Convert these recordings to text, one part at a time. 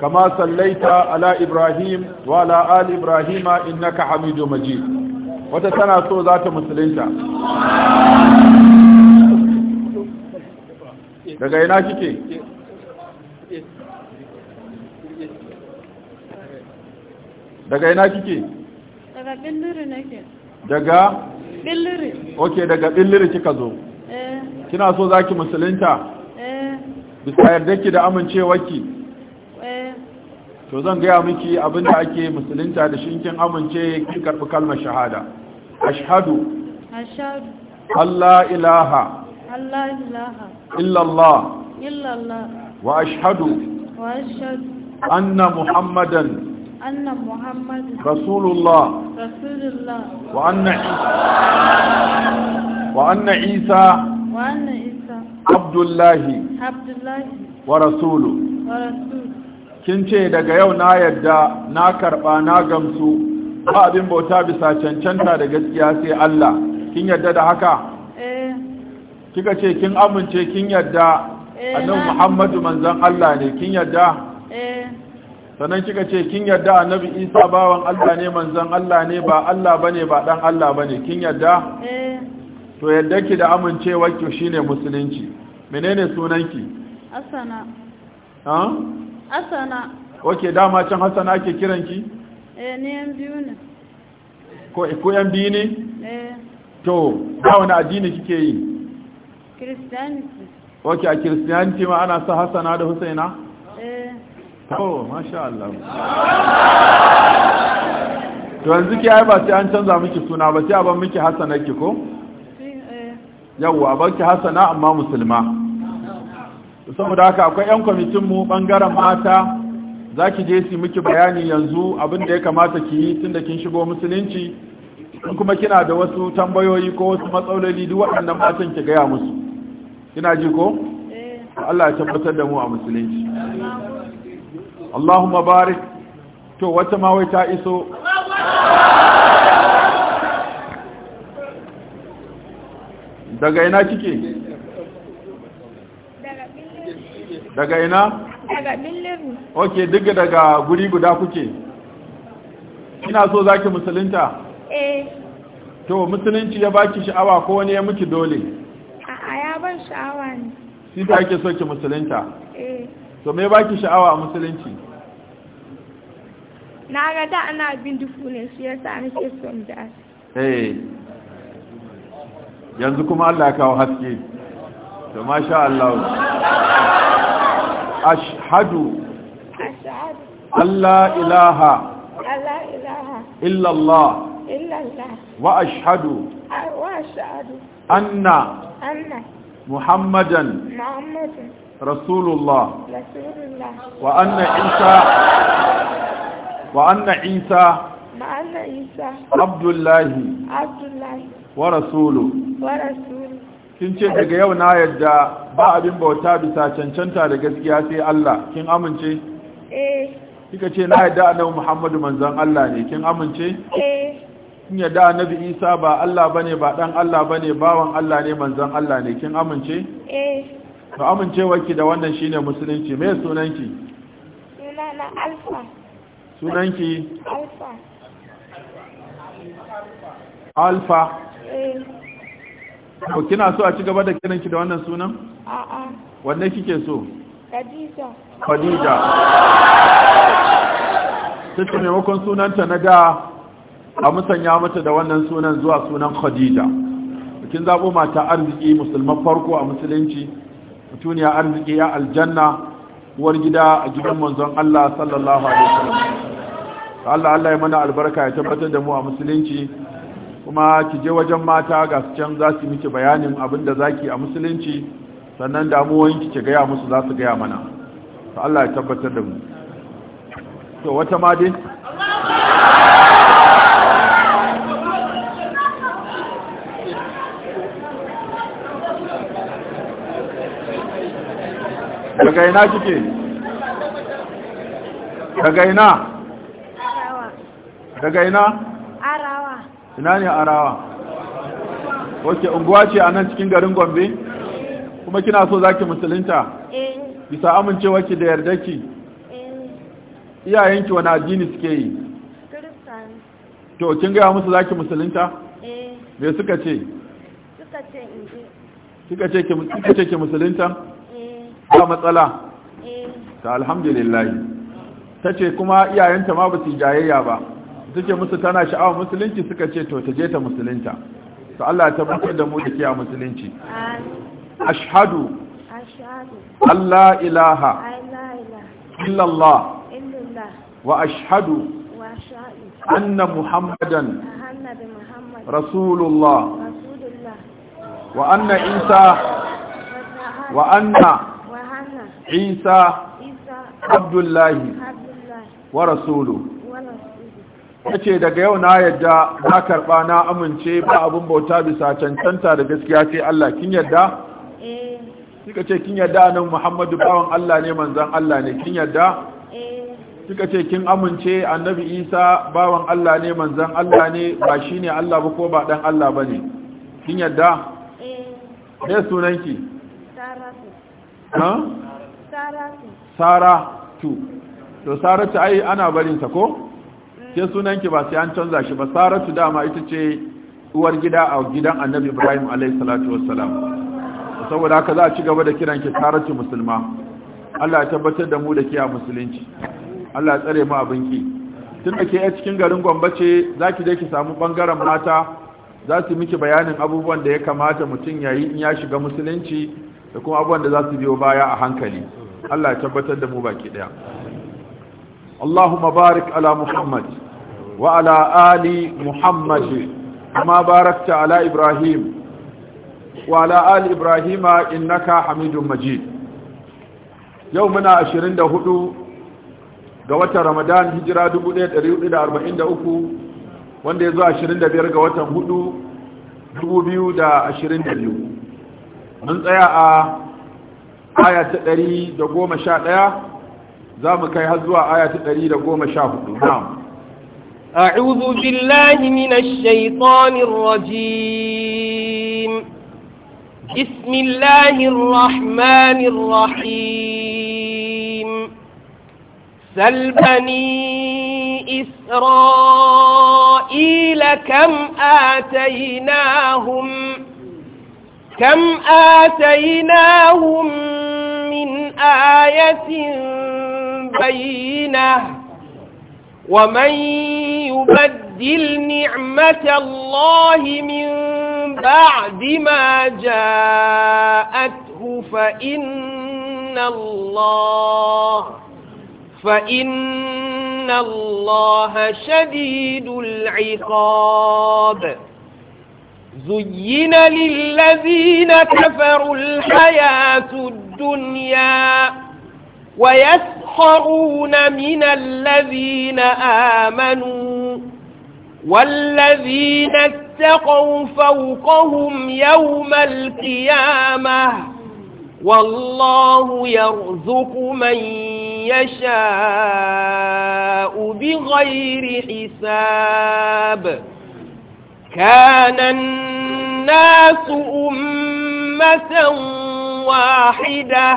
كما صليت على ابراهيم وعلى ال ابراهيم انك حميد مجيد وتتنا سو ذات مسلمتا daga ina kike daga ina kike daga billiri nake daga billiri okay daga billiri kika zo eh kina so zaki musulunta eh bisa yardake da amincewarki eh to zan gaya miki abinda ake musulunta da shinkin amince kin karbi kalmar shahada ashhadu ashhadu allah ilaha allah ilaha illallah illallah wa ashhadu wa ashhadu anna muhammadan anna muhammadan. رسول الله wa anna وأن عيسى وأن عيسى وأن عيسى عبد الله wa الله ورسوله ورسوله kin ce daga yau na yadda na karba na gamsu ba abin bauta bisa cancanta da gaskiya sai Allah kin yadda da haka eh. kika ce kin amince kin yadda eh, annabi Muhammadu manzon Allah ne kin yadda eh. sannan kika ce kin yadda annabi Isa bawan Allah ne manzon Allah ne ba Allah bane ba dan Allah bane kin yadda to yadda ki da amincewa ki shine musulunci menene sunanki asana ha Asana. Ok, dama can Hassana ake ki? Eh, ni yan biyu ne. Ko yan biyu ne? Eh. To, ba wani addini kike yi? Christianity. Ok, a Christianity ma ana sa Hassana da Husaina? Eh. To, masha Allah. To, yanzu ki ai ba sai an canza miki suna ba sai a ban miki Hassana ki ko? Eh. Yawwa, a ban ki Hassana amma musulma. saboda haka akwai 'yan kwamitinmu ɓangaren mata za ki je su miki bayani yanzu abin da ya kamata ki yi tun da kin shigo musulunci in kuma kina da wasu tambayoyi ko wasu matsaloli duk waɗannan matan ki gaya musu kina ji ko eh. Allah ya tabbatar da mu a musulunci Allahumma barik to wata ma wai ta iso daga ina kike daga ina daga billiru ok duk daga guri guda kuke ina so ki musulunta eh to musulunci ya baki sha'awa ko wani ya miki dole a'a ya ban sha'awa ne shi ta ake so ki musulunta eh to me baki sha'awa a musulunci na ga da ana bin dufu ne su yasa ke son da eh yanzu kuma Allah ya kawo haske to masha Allah أشهد أن لا إله إلا الله وأشهد أن محمدا رسول الله وأن عيسى وأن عيسى عبد الله ورسوله ورسوله kin ce daga yau na yadda ba abin bauta bisa cancanta da gaskiya sai Allah kin amince eh kika ce na yadda annabi Muhammadu manzon Allah ne kin amince eh kin yadda annabi Isa ba Allah bane ba dan Allah bane bawan Allah ne manzon Allah ne kin amince eh to amincewarki da wannan shine musulunci me sunanki sunana Alfa sunanki Alfa Alfa eh ko kina so a ci gaba da kiran ki da wannan sunan a'a wanne kike so Khadija Khadija take maimakon sunanta na da a musanya mata da wannan sunan zuwa sunan Khadija kin zabo mata arziki musulman farko a musulunci mutuniya arziki ya aljanna uwar gida a gidan manzon Allah sallallahu alaihi wasallam Allah Allah ya mana albarka ya tabbatar da mu a musulunci kuma ki je wajen mata ga su can za su miki bayanin abin da za ki a musulunci sannan damuwoyin ki gaya musu za su gaya mana ta Allah ya tabbatar da mu to wata ma dai daga ina kike daga ina daga ina ina ne arawa ok unguwa ce a nan cikin garin gombe kuma kina so zaki musulunta eh. bisa amincewa ki da yarda ki eh. iyayenki wani addini suke yi to kin gaya musu zaki musulunta eh. me suka ce suka ce ki suka ce ki musulunta ba matsala ta alhamdulillah ce kuma iyayenta ma ba su jayayya ba take musu tana sha'awa musulunci suka ce to ta je ta musulunta to Allah ta mutu da mu da ke a musulunci ashhadu Allah ilaha illallah wa ashhadu anna muhammadan rasulullah wa anna isa wa anna isa abdullahi wa rasuluhu ya ce daga yau na yadda na karɓa na amince ba abin bauta bisa cancanta da gaskiya sai Allah kin yadda? suka eh. ce kin yadda nan muhammadu bawan Allah ne manzan Allah ne kin yadda? suka eh. ce kin amince annabi isa bawan Allah ne manzan Allah ne ba shi ne Allah ba ko ba dan Allah ba ne kin yadda? ne eh. sunanki? saratu saratu to saratu ai ana barinsa ko? ke sunanki ba sai an canza shi ba saratu dama ita ce uwar gida a gidan annabi ibrahim alaihi salatu wassalam saboda haka za a ci gaba da kiranki saratu musulma Allah ya tabbatar da mu da ke a musulunci Allah ya tsare mu abin ki tun da ke a cikin garin Gombe ce ki je ki samu bangaren mata za su miki bayanin abubuwan da ya kamata mutum yayi in ya shiga musulunci da kuma abubuwan da za su biyo baya a hankali Allah ya tabbatar da mu baki ɗaya. Allahumma barik ala Muhammad وعلى آل محمد كما باركت على إبراهيم وعلى آل إبراهيم إنك حميد مجيد يومنا عشرين دهدو قوات رمضان هجرة دبونيت الريو إلى أربعين دهوكو wanda ya zo 25 ga watan ده 2022 mun tsaya a aya ta 111 za mu kai har zuwa aya ta 114 نعم أعوذ بالله من الشيطان الرجيم بسم الله الرحمن الرحيم سل بني إسرائيل كم آتيناهم كم آتيناهم من آية بينه ومن يبدل نعمة الله من بعد ما جاءته فإن الله فإن الله شديد العقاب زين للذين كفروا الحياة الدنيا ويسر آخرون من الذين آمنوا والذين اتقوا فوقهم يوم القيامة والله يرزق من يشاء بغير حساب كان الناس أمة واحدة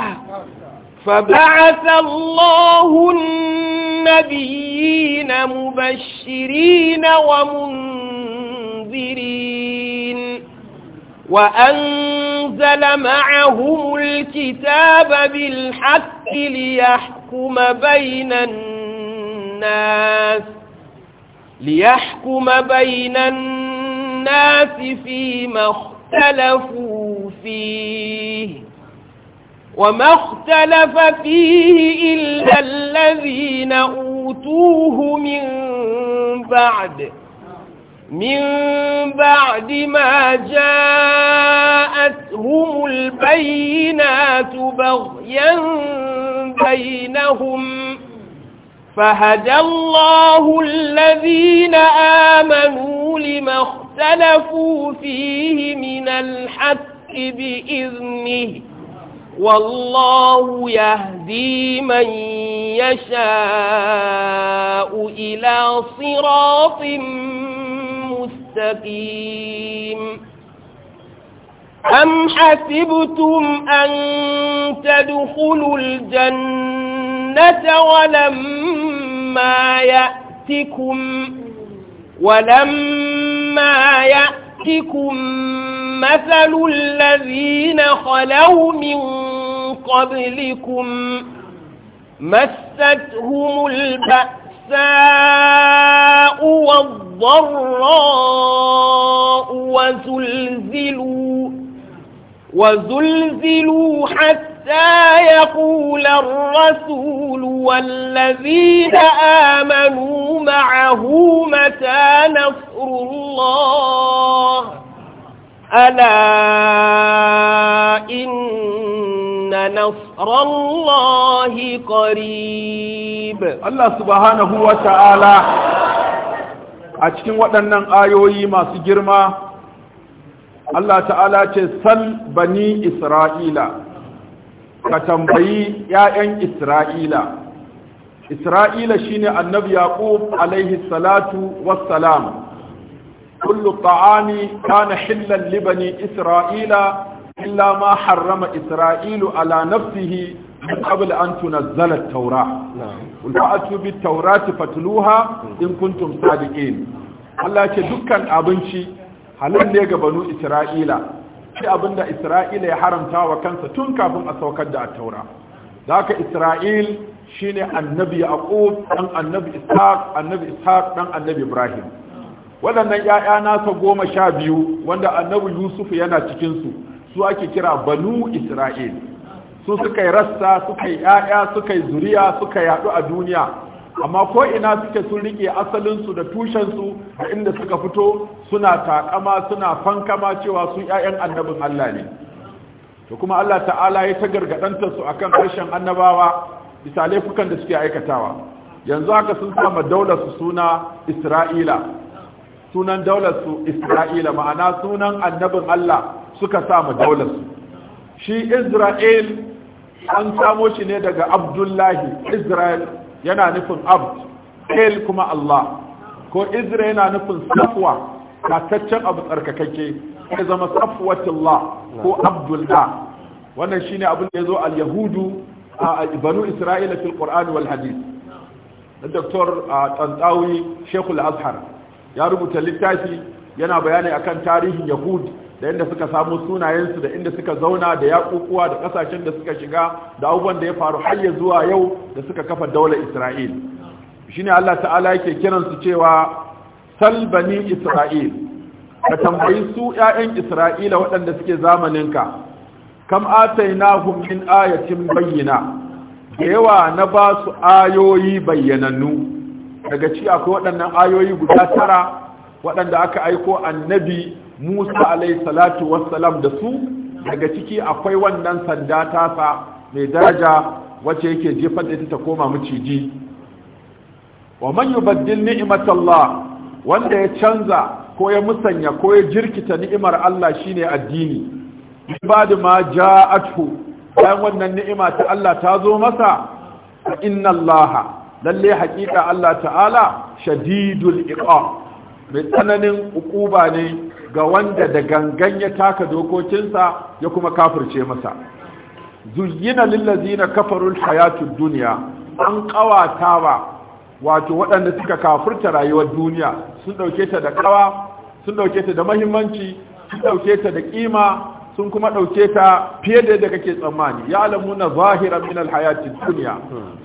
فبعث الله النبيين مبشرين ومنذرين وأنزل معهم الكتاب بالحق ليحكم بين الناس ليحكم بين الناس فيما اختلفوا فيه وما اختلف فيه إلا الذين أوتوه من بعد من بعد ما جاءتهم البينات بغيا بينهم فهدى الله الذين آمنوا لما اختلفوا فيه من الحق بإذنه والله يهدي من يشاء إلى صراط مستقيم أم حسبتم أن تدخلوا الجنة ولما يأتكم ولما يأتكم يأتكم مثل الذين خلوا من قبلكم مستهم البأساء والضراء وزلزلوا وزلزلوا حتى يقول الرسول والذين آمنوا معه متى نصر الله ألا إن نصر الله قريب الله سبحانه وتعالى أتكين وطننا آيوي ما سجرما الله تعالى تسل بني إسرائيل ka tambayi 'ya'yan isra'ila isra'ila shine annabi yaqub alaihi salatu wassalam kullu ta'ami kana hillan li bani isra'ila illa ma harrama isra'ilu ala nafsihi min qabl an tunzala at-taura qul fa'atu bit-taurati fatluha in kuntum sadiqin Allah ce dukkan abinci halin ne ga banu isra'ila abin da isra'ila ya haramta wa kansa tun kafin a saukar da taura ka isra'il shine annabi yaqub ɗan annabi ishaq annabi ishaq ɗan annabi ibrahim waɗannan ‘ya'ya nasa goma sha biyu wanda annabi yusuf yana cikinsu su ake kira banu isra'il su suka yi rassa suka yi ‘ya'ya suka yi zuriya suka yaɗu a duniya amma ko ina suke sun rike asalinsu da tushensu da inda suka fito suna takama suna fankama cewa su yayan annabin Allah ne to kuma Allah ta'ala ya ta gargadantar su akan harshen annabawa bisa laifukan da suke aikatawa yanzu haka sun sama daular su suna Isra'ila sunan daular Isra'ila ma'ana sunan annabin Allah suka sama daular su shi Isra'il an samo shi ne daga Abdullahi Isra'il yana nufin abd hail kuma Allah ko izra yana nufin safwa tataccen abu tsarkakakke ya zama safwatullah ko abdullah wannan shine abin da yazo al-yahudu a banu isra'ila fil qur'an wal hadith Dr. Tantsawi Sheikh Al-Azhar ya rubuta littafi yana bayani akan tarihin Yahud da inda suka samu sunayensu da inda suka zauna da yakukuwa da kasashen da suka shiga da abubuwan da ya faru har ya zuwa yau da suka kafa daular Isra'il shine Allah ta'ala yake kiran su cewa salbani Isra'il ka tambayi su 'ya'yan Isra'ila waɗanda suke zamaninka kam atainahum min ayatin bayyina da yawa na ba su ayoyi bayyanannu daga ci akwai waɗannan ayoyi guda tara waɗanda aka aiko annabi musa alaihi salatu wassalam da su daga ciki akwai wannan sanda tasa mai daraja wacce yake jefar da ita ta koma maciji wa man yubaddil ni'matallah wanda ya canza ko ya musanya ko ya jirkita ni'imar Allah shine addini ibadu ma ja'athu bayan wannan ni'ima ta Allah ta zo masa inna Allah lalle haƙiƙa Allah ta'ala shadidul iqab mai tsananin ukuba ne ga wanda da gangan ya taka dokokinsa ya kuma kafirce masa zuyyina lillazina kafarul hayatud dunya an qawatawa wato waɗanda suka kafirta rayuwar duniya sun dauke ta da kawa sun dauke ta da muhimmanci sun dauke ta da ƙima, sun kuma dauke ta fiye da yadda kake tsammani ya na zahiran min alhayatid dunya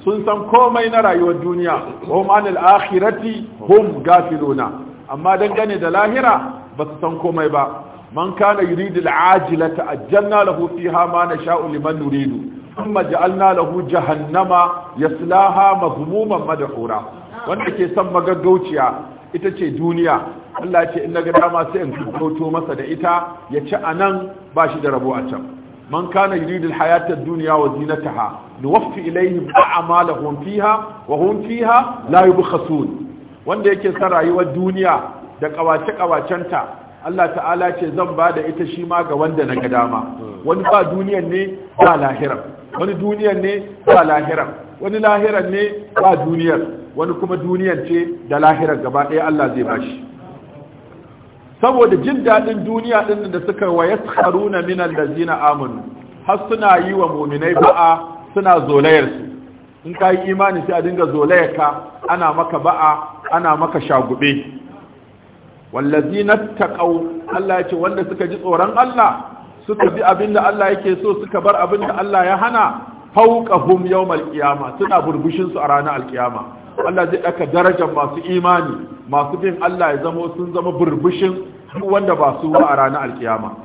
sun san komai na rayuwar duniya hum al akhirati hum gafiluna amma dangane da lahira ba su san komai ba man kana yuridu ta'ajjanna ta'ajjalna lahu fiha ma nasha'u liman nuridu thumma ja'alna lahu jahannama yaslaha mazmuman madhura wanda ke son magaggauciya ita ce duniya Allah ce in ga dama sai in kauto masa da ita ya ci anan ba shi da rabo a can man kana yuridu al-hayata ad-dunya wa zinataha nuwaffi ilayhim a'malahum fiha wa hum fiha la yubkhasun wanda yake sa rayuwar duniya da kawace-kawacenta Allah ta'ala ce zan ba da ita shi ma ga wanda na ga dama wani ba duniyan ne ba lahiran wani duniyan ne ba lahiran wani lahiran ne ba duniyar wani kuma duniyar ce da lahiran gaba ɗaya Allah zai ba shi saboda jin daɗin duniya ɗin da suka wa ya tsaruna minan da zina har suna yi wa muminai ba'a suna zolayar su. in ka yi imani sai a dinga zolayarka ana maka ba'a ana maka shagube na taƙau Allah ya ce wanda suka ji tsoron Allah suka bi abinda Allah yake so suka bar abinda Allah ya hana fawqahum yau qiyama suna burbushinsu a ranar alkiyama Allah zai ɗaka darajar masu imani masu bin Allah ya zama sun zama burbushin wanda ba su a ranar alkiyama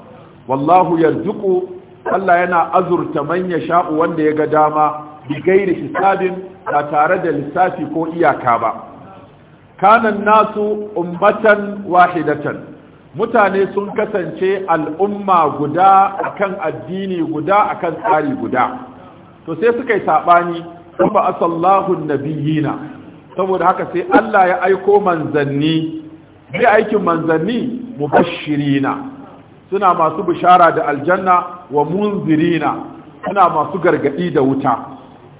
wallahu ku Allah yana azurta manya ya sha'u wanda ya ga dama bi gairi hisabin ba tare da lissafi ko iyaka ba kanan nasu umbatan wahidatan mutane sun kasance al'umma guda akan addini guda akan tsari guda to sai suka yi saɓani kuma ba asallahun nabiyina saboda haka sai Allah ya aiko manzanni zai aikin manzanni mubashirina suna masu bishara da aljanna wa munzirina suna masu gargadi da wuta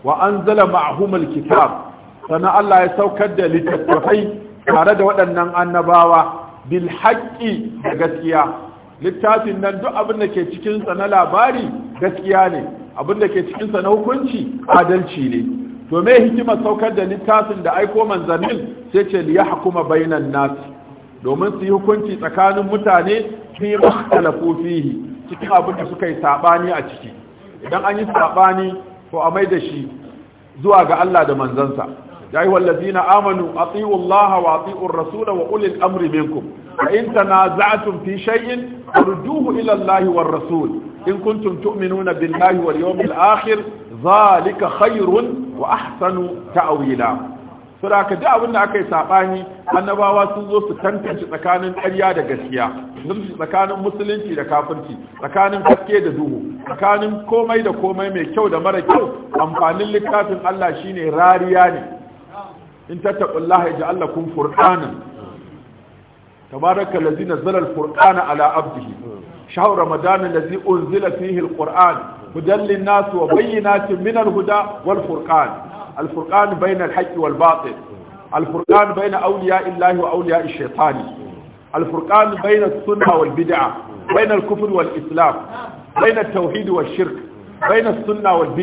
wa anzala ma'humul kitab sannan Allah ya saukar da littattafai tare da waɗannan annabawa bil haƙƙi da gaskiya littafin nan duk abin da ke cikinsa na labari gaskiya ne abin da ke cikinsa na hukunci adalci ne to me hikima saukar da littafin da aiko manzannin sai ce liya hukuma bainan nasi domin su yi hukunci tsakanin mutane fi makhtalafu fihi cikin abin da suka yi sabani a ciki idan an yi saɓani, to a mai da shi zuwa ga Allah da manzansa ya yi wallazina amanu a tsiwon laha wa tsiwon rasu da wa ulin amri minkum a intana ta za a tumfi shayin urduhu ilan lahi wa rasul in kun tumtu minuna bin lahi wa yau mil akhir zalika khairun wa ahsanu ta awila so abin da aka yi saɓani annabawa sun zo su tantance tsakanin ƙarya da gaskiya nufi tsakanin musulunci da kafirci tsakanin gaske da duhu tsakanin komai da komai mai kyau da mara kyau amfanin littafin allah shine rariya ne in tattaqullaha yaj'al lakum furqanan tabaraka allazi nazzala al-furqana ala 'abdihi shahr ramadan allazi unzila fihi al-qur'an hudan wa bayyinatin min huda wal-furqan al-furqan bayna al-haqqi wal-batil al-furqan bayna awliya'i allahi wa awliya'i ash-shaytani al-furqan bayna wal-bid'ah bayna al-kufr wal-islam Bai na tauhid wal shirk Bai na sunnah wal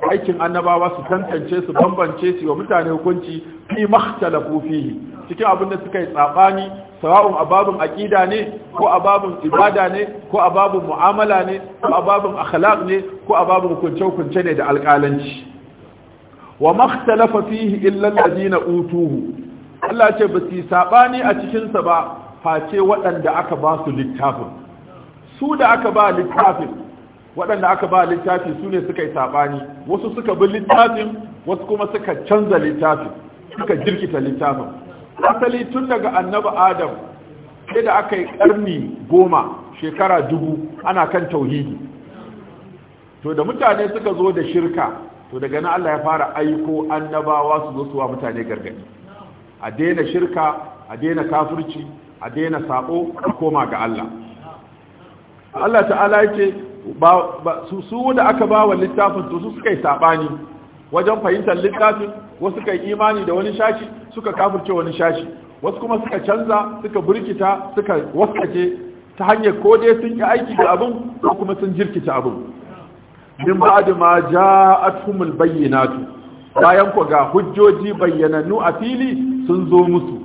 to aikin annabawa su tantance su bambance su wa mutane hukunci fi makhtalafu fihi cikin abin da suka yi tsabani sawa'un ababun aqida ne ko ababun ibada ne ko ababun mu'amala ne ko ababun akhlaq ne ko ababun hukunce hukunce ne da alƙalanci wa makhtalafa fihi illa alladhina utuhu Allah ce ba su sabani a cikin sa ba face waɗanda aka ba su littafin su da aka ba littafin waɗanda aka ba littafi su ne suka yi saɓani wasu suka bi littafin wasu kuma suka canza littafin suka jirkita littafin asali tun daga annaba adam sai da aka yi ƙarni goma shekara dubu ana kan tauhidi to da mutane suka zo da shirka to daga nan Allah ya fara aiko annabawa su zo suwa mutane gargadi a daina shirka a daina kafirci a daina sako a koma ga Allah Allah ta'ala yake su da aka ba wa littafin to su suka yi saɓani wajen fahimtar littafin wasu suka yi imani da wani shashi suka kafirce wani shashi wasu kuma suka canza suka burkita suka waskace ta hanyar ko dai sun yi aiki da abin ko kuma sun jirkita abin min ba'd ma ja'atuhumul bayyinatu bayan ku ga hujjoji bayyanannu a fili sun zo musu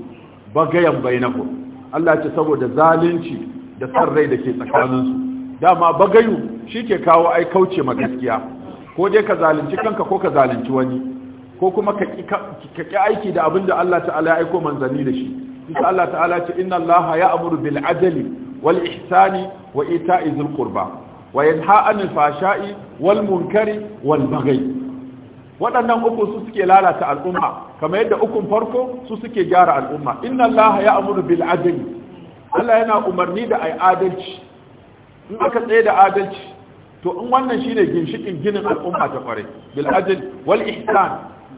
bagayan bainaku. Allah ce saboda zalunci da san rai da ke tsakaninsu dama bagayu shi ke kawo ai kauce ma gaskiya ko dai ka zalunci kanka ko ka zalunci wani ko kuma ka ƙi aiki da abin da Allah ta'ala ya aiko manzanni da shi isa Allah ta'ala ce inna Allah ya amuru bil adali wal ihsani wa ita'i zul qurba wa yanha anil fashai wal munkari wal bagai. waɗannan uku su suke lalata al'umma kamar yadda ukun farko su suke gyara al'umma inna Allah ya amuru bil adali Allah yana umarni da ai adalci in aka tsaye da adalci to in wannan shine ginshikin ginin al'umma ta kware bil adl wal ihsan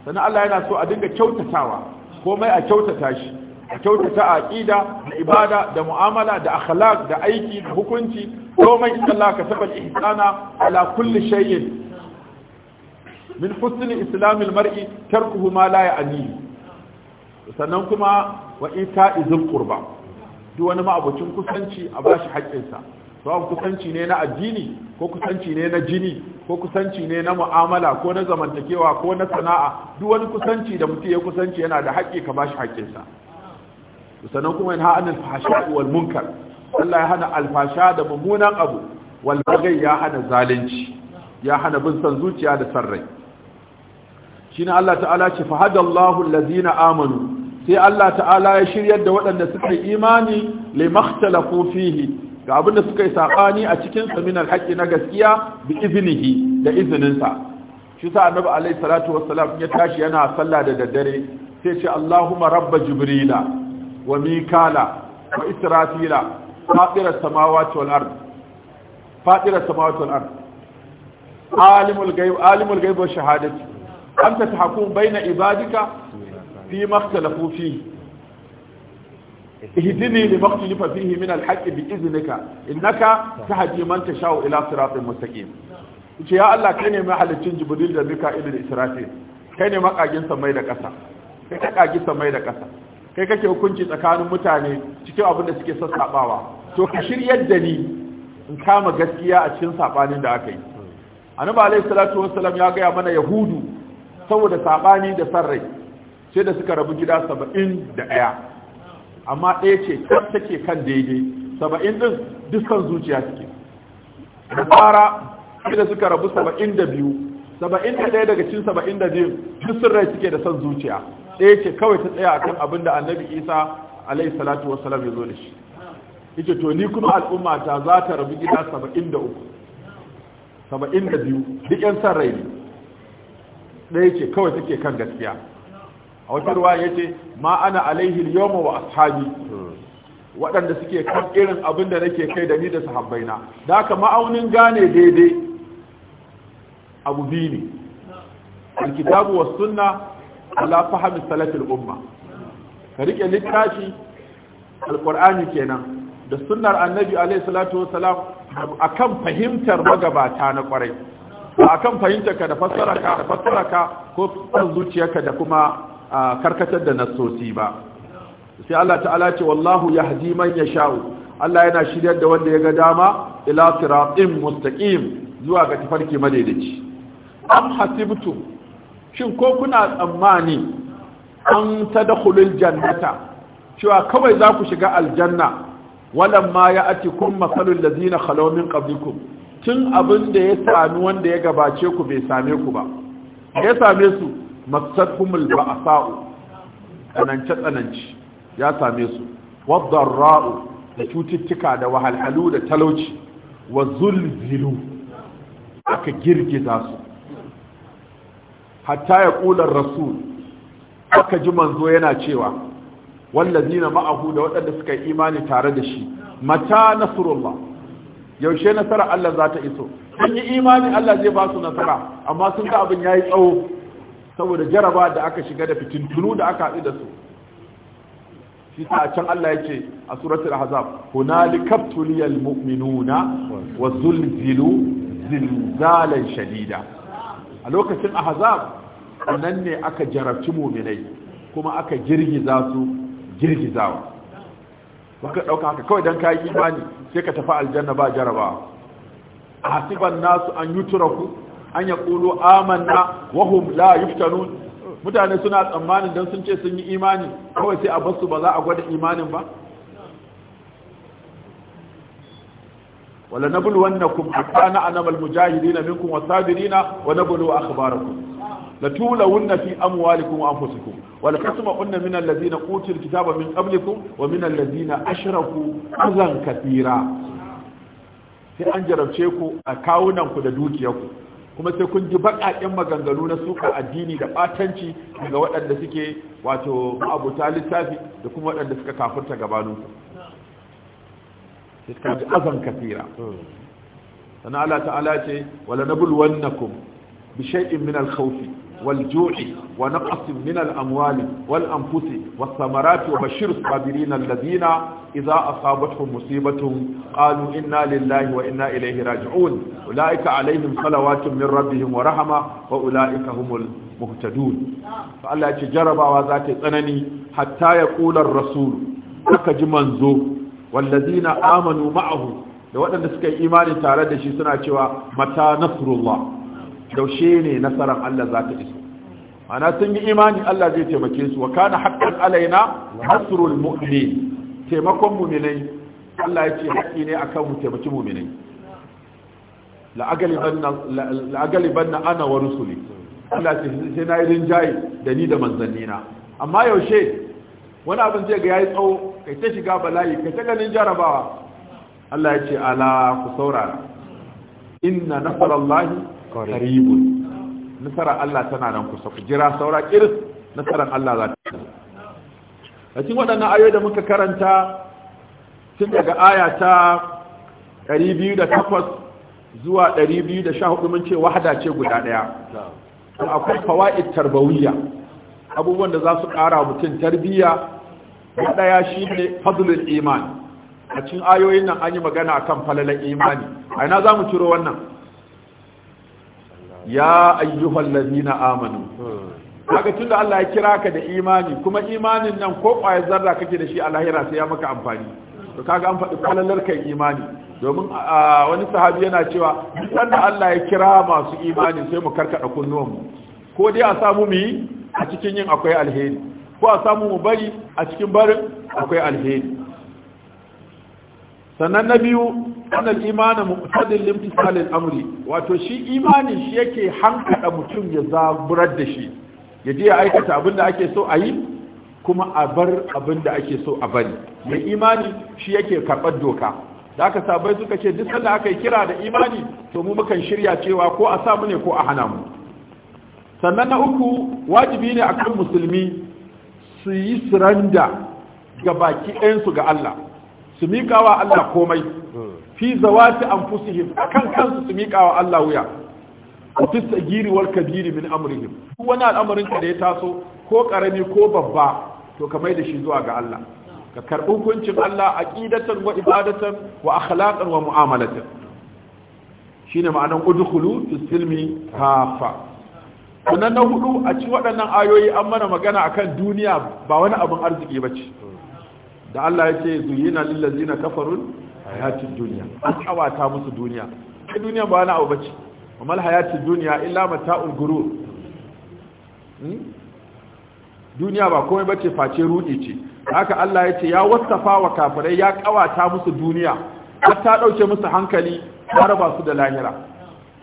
sannan Allah yana so a dinga kyautatawa komai a kyautata shi a kyautata aqida da ibada da mu'amala da akhlaq da aiki da hukunci komai Allah ka saba ihsana ala kulli shay'in min husn islam al mar'i tarkuhu ma la ya'ni sannan kuma wa ita'i zul qurba duk wani ma'abucin kusanci a bashi haƙƙinsa babu kusanci ne na addini ko kusanci ne na jini ko kusanci ne na mu'amala ko na zamantakewa ko na sana'a duk wani kusanci da mutum ya kusanci yana da haƙƙi ka bashi haƙƙinsa sannan kuma in hana alfasha wal munkar Allah ya hana alfasha da mummunan abu wal bagai ya hana zalunci ya hana bin san zuciya da san rai shine Allah ta'ala ce fa hadallahu allazina amanu sai Allah ta'ala ya shiryar da waɗanda suka imani limakhtalafu fihi ga abin da suka yi saɓani a cikin saminar haƙƙi na gaskiya bi izinihi da izininsa shi sa annabi alaihi salatu wassalam ya tashi yana sallah da daddare sai ce Allahumma rabba jibrila wa mikala wa israfila fatira samawati wal ard fatira samawati wal ard alimul ghaib alimul ghaib wa shahadati anta tahkum bayna ibadika fi ma ikhtalafu fihi ihdini li makhtalifa fihi min al-haqqi bi iznika innaka tahdi man tasha'u ila siratin mustaqim ya Allah kai ne mai halicin Jibril da Mika'il da Israfil kai ne makagin samai da ƙasa kai kake hukunci tsakanin mutane cikin abin da suke sassabawa to ka shirya da ni in kama gaskiya a cikin sabanin da aka yi annabi alayhi salatu wassalam ya gaya mana yahudu saboda saɓani da sarrai sai da suka rabu gida da ɗaya. amma ɗaya ce kan take kan daidai saba'in ɗin dukkan zuciya suke da fara da suka rabu saba'in da biyu saba'in da ɗaya daga cikin saba'in da biyu duk sun rai suke da son zuciya ɗaya ce kawai ta tsaya akan abin da annabi isa alaihi salatu wasalam ya zo da shi ita to ni kuma al'umma ta za ta rabu gida saba'in da uku saba'in da biyu duk yan son rai ne ɗaya ce kawai take kan gaskiya a wata ruwa ya ce ma ana alaihi yawon wa ashabi waɗanda suke kan irin abin da nake kai da ni da na da aka ma'aunin gane daidai abu biyu ne alkitabu wa sunna ala fahmi salatil umma ka rike littafi Alƙur'ani kenan da sunnar annabi alaihi salatu a kan fahimtar magabata na kwarai ba kan fahimtar ka da fassara ko ko ko zuciyarka da kuma a karkatar da nasoti ba sai Allah ta'ala ce wallahu yahdi man yasha'u Allah yana shiryar da wanda ya ga dama ila siratin mustaqim zuwa ga tafarki madaidaici am hasibtu shin ko kuna tsammani an tadkhulul jannata cewa kawai za ku shiga aljanna ma walamma ya'tikum masalul ladina khalaw min qablikum tun abin da ya sami wanda ya gabace ku bai same ku ba ya same su a ba'sa'u tsanance tsananci ya same su wadarra'u da cututtuka da wahalhalu da talauci wa zulzilu aka girgiza su hatta ya kular rasul aka ji manzo yana cewa wallazina ma'ahu da waɗanda suka yi imani tare da shi mata nasrullah yaushe nasara Allah za ta iso sun yi imani Allah zai ba su nasara amma sun ga abin yi tsawo saboda jaraba da aka shiga da fitintunu da aka haɗu da su shi sa a can Allah ya ce a suratul ahzab hunalika tuliyal mu'minuna wa zulzilu zilzalan shadida a lokacin ahzab nan ne aka jarabci mu'minai kuma aka girgiza su girgizawa baka dauka haka kawai dan kai imani sai ka tafi aljanna ba jaraba hasiban nasu an yuturaku an ya yaqulu amanna wahum hum la yuftanun mutane suna tsammanin don sun ce sun yi imani kawai sai a basu ba za a gwada imanin ba wala nablu wannakum hatta na'lam almujahidin minkum wasabirin wa nablu akhbarakum la tulawunna fi amwalikum wa anfusikum wa la tasma'unna min alladhina utul kitaba min qablikum wa min alladhina ashraku azan kathira sai an jarabce ku a kawunan ku da dukiyarku kuma sai kun ji baƙaƙen maganganu na suka addini da ɓatanci daga waɗanda suke wato ma'abuta littafi da kuma waɗanda suka kafarta gabaninku suka ji azan kafira sannan Allah ta'ala ce wala na wannakum bi min al والجوع ونقص من الأموال والأنفس والثمرات وبشر الصابرين الذين إذا أصابتهم مصيبة قالوا إنا لله وإنا إليه راجعون أولئك عليهم صلوات من ربهم ورحمة وأولئك هم المهتدون فالله يتجرب وذات الثنني حتى يقول الرسول أكج منزو والذين آمنوا معه لو أن نسكي إيمان تارد شيء سنة متى نصر الله yaushe ne nasarar Allah za ta iso ana sun yi imani Allah zai taimake su wa kana haqqan alaina nasrul mu'min taimakon mu'minai Allah ya ce ne akan mu taimaki mu'minai la'agalibanna ana wa rusuli Allah ce sai na yi rinjaye da ni da manzannina amma yaushe wani abin zai ga yayi tsawo kai ta shiga bala'i kai ta ganin jarabawa Allah ya ce ala ku saurara inna nasarallahi qaribun nasara Allah tana nan kusa ku jira saura kiris nasaran Allah za ta a cikin waɗannan ayoyi da muka karanta tun daga aya ta 208 zuwa 214 mun ce wahada ce guda ɗaya. to akwai fawaid tarbawiyya abubuwan da za su ƙara mutum tarbiyya na ɗaya shi ne fadlul iman a cikin ayoyin nan an yi magana akan falalan imani a ina za mu ciro wannan ya ayyuhal ladina amanu kaga tunda Allah ya kira ka da imani kuma imanin nan ko ƙwayar zarra kake da shi a lahira sai ya maka amfani to kaga an faɗi kwalalar kai imani domin wani sahabi yana cewa dan da Allah ya kira masu imani sai mu karkada kunnuwan mu ko dai a samu mu yi a cikin yin akwai alheri ko a samu mu bari a cikin barin akwai alheri sannan na biyu wannan imanin mutadin limtisal amri wato shi imanin shi yake hankada mutum ya zaburar da shi ya je ya aikata abin da ake so a yi kuma a bar abin da ake so a bari mai imani shi yake karɓar doka da aka sabai suka ce duk sanda aka yi kira da imani to mu mukan shirya cewa ko a samu ne ko a hana mu sannan na uku wajibi ne akan musulmi su yi suranda ga baki ɗayansu ga Allah su miƙawa wa Allah komai fi zawati anfusihim akan kansu su miƙawa Allah wuya wa fi sagiri wal kabiri min amrihim duk wani al'amarin ka da ya taso ko karami ko babba to ka mai da shi zuwa ga Allah ka karɓi hukuncin Allah aqidatan wa ibadatan wa akhlaqan wa mu'amalatan shine ma'anan udkhulu fi silmi hafa sannan na hudu a ci waɗannan ayoyi an mana magana akan duniya ba wani abin arziki ba ce da Allah ya ce zuyina lillazina kafarun hayatid dunya an kawata musu duniya ai duniya ba wani abu bace Amma hayatid dunya illa mata'ul gurur hmm? duniya ba komai bace face rudi ce haka Allah ya ce ya wasafa wa kafirai ya kawata musu duniya har ta dauke musu hankali har ba su da lahira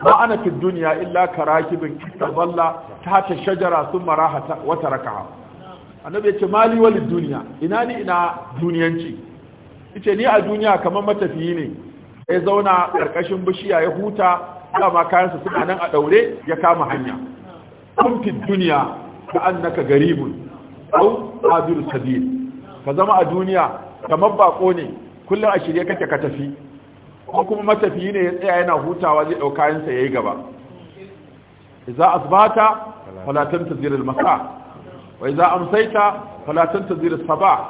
ba ana fi duniya illa karakibin kitaballa ta ta shajara sun maraha wata raka'a annabi ya ce mali walid duniya ina ni ina duniyanci ce ni a duniya kamar matafiyi ne ya zauna karkashin bishiya ya huta ma kayansa suna nan a daure ya kama hanya kumfin duniya ka annaka garibun au abiru sabir ka zama a duniya kamar bako ne kullum a shirye kake ka tafi ko kuma matafiyi ne ya tsaya yana hutawa zai dauka kayansa yayi gaba idza asbata fala tantazir al-masa وإذا أمسيت فلا تنتظر الصباح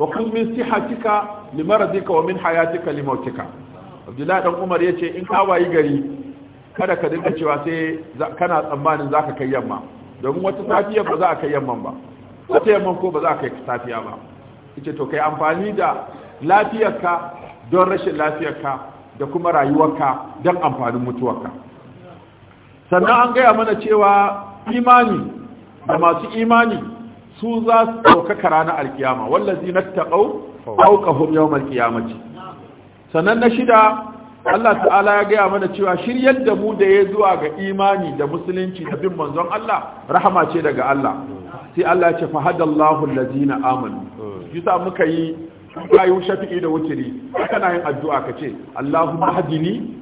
as من صحتك لمرضك ومن حياتك لموتك wa الله بن عمر abdullahi dan umar غري in ka wayi gari kada ka dinga cewa sai kana tsammanin zaka kai yamma domin wata safiya ba za a kai yamman ba wata yamman ko ba za a kai safiya ba ita to kai amfani da lafiyarka don rashin lafiyarka da kuma rayuwarka don amfanin mutuwarka sannan an gaya mana cewa imani da masu imani su za su ɗaukaka ranar alkiyama wallazi na taƙau ɗaukahun yau malkiyamaci sannan na shida Allah ta'ala ya gaya mana cewa shiryar da mu da ya zuwa ga imani da musulunci da bin manzon Allah rahama ce daga Allah sai Allah ya ce fahadallahu allazina amanu yasa muka yi kayu shafi'i da wutiri kana yin addu'a kace Allahumma hadini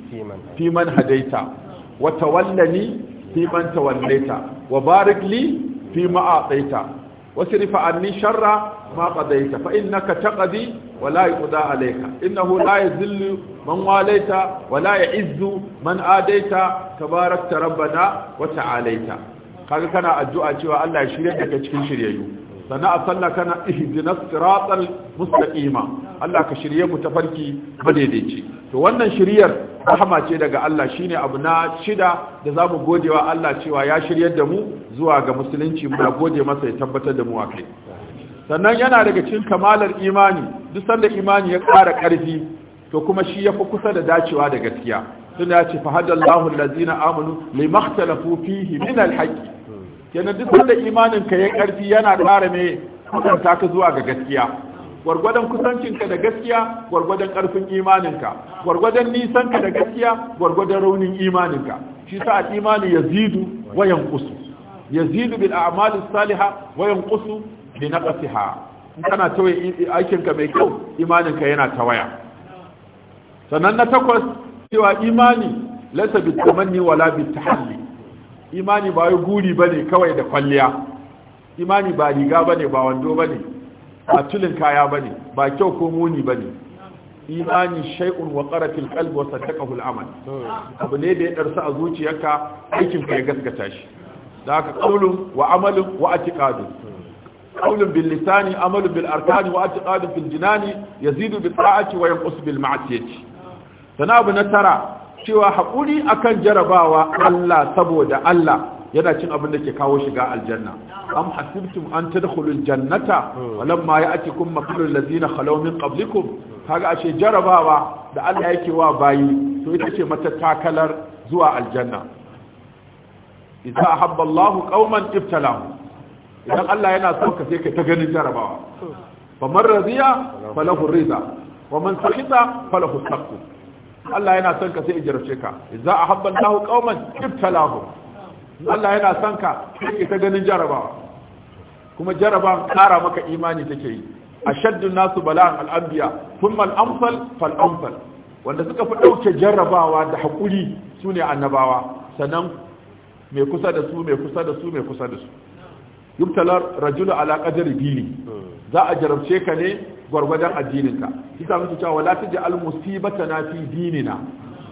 fi man hadaita wa tawallani fi man tawallaita wa barikli, fi ma واصرف عني شر ما قضيت فإنك تقضي ولا يقضى عليك إنه لا يذل من واليت ولا يعز من آديت تبارك ربنا وتعاليت kaga kana addu'a cewa Allah ya shirye da kai cikin shiryayyu sannan a kana ihdina siratal mustaqima Allah ka shirye mu tafarki madaidaici to wannan shiryar rahama ce daga Allah shine abu na shida da zamu godewa Allah cewa ya shiryar da mu zuwa ga musulunci mu na gode masa ya tabbatar da mu a kai. sannan yana daga cikin kamalar imani duk sanda imani ya ƙara karfi to kuma shi yafi kusa da dacewa da gaskiya tunda ya ce fa hadallahu allazina amanu limakhtalafu fihi min alhaqi kenan duk da imanin ka ya karfi yana ƙara ne kusanta ka zuwa ga gaskiya gwargwadon kusancinka da gaskiya gwargwadon karfin imaninka gwargwadon nisanka da gaskiya gwargwadon raunin imaninka shi sa imani yazidu wa yanqusu yazidu bil a'malis wayan wa yanqusu bi naqsiha kana tawaye aikinka mai kyau imaninka yana tawaya sannan na takwas cewa imani lasa bitamanni wala bitahalli imani ba wai ba ne kawai da kwalliya imani ba riga bane ba wando ne, ba tulin kaya ne, ba kyau ko muni bane imani shai'un wa ƙarafin qalb wa sadaqahu amal abu ne da ya ɗarsa a zuciyarka aikin ka ya gaskata shi da haka ƙaunin wa amalin wa i'tiqadun Ƙaunin bil lisani amalin bin arkani wa i'tiqadun bin jinani yazidu bi ta'ati wa yanqus bil ma'siyati sana abu na tara cewa haƙuri akan jarabawa Allah saboda Allah yana cin abin da ke kawo shiga aljanna am hasibtum an tadkhulul jannata walamma ya'tikum makalul ladina khalaw min qablikum kaga ashe jarabawa da Allah yake wa bayi to ita ce mata takalar zuwa aljanna idza ahabba Allah qauman ibtalahu idan Allah yana so ka sai ka ta ganin jarabawa man radiya falahu rida wa man sakhita falahu sakhu Allah yana son ka sai ya jarabce ka idza ahabba Allahu qauman ibtalahum Allah yana son ka sai ta ganin jarabawa kuma jaraban kara maka imani take yi ashaddu nasu bala'an al-anbiya thumma al-amsal fal-amsal wanda suka fi dauke jarabawa da hakuri sune annabawa sanan mai kusa da su mai kusa da su mai kusa da su yubtalar rajulu ala qadri dini za a jarabce ka ne gwargwadon addininka kisa muke cewa wala taj'al na fi dinina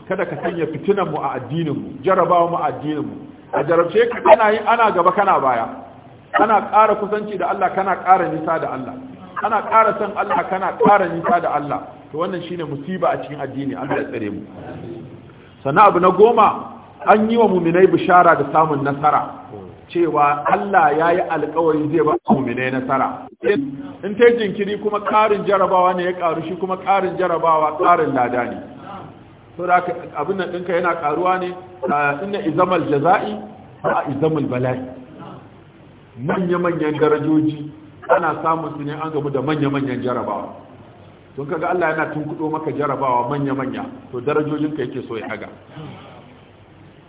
kada ka sanya fitinan mu a addinin mu jaraba mu a addinin mu a jarabce ka kana yi ana gaba kana baya kana ƙara kusanci da Allah kana ƙara nisa da Allah kana ƙara san Allah kana ƙara nisa da Allah to wannan shine musiba a cikin addini Allah ya tsare mu sannan abu na goma an yi wa muminai bishara da samun nasara cewa Allah ya yi alkawari zai ba mumine nasara in ta jinkiri kuma ƙarin jarabawa ne ya ƙaru shi kuma ƙarin jarabawa ƙarin lada ne to da abin nan ɗinka yana ƙaruwa ne inna izamal jaza'i ba izamal bala'i manya-manyan darajoji ana samun su ne an gamu da manya-manyan jarabawa tun kaga Allah yana tunkudo maka jarabawa manya-manya to darajojinka yake so ya haga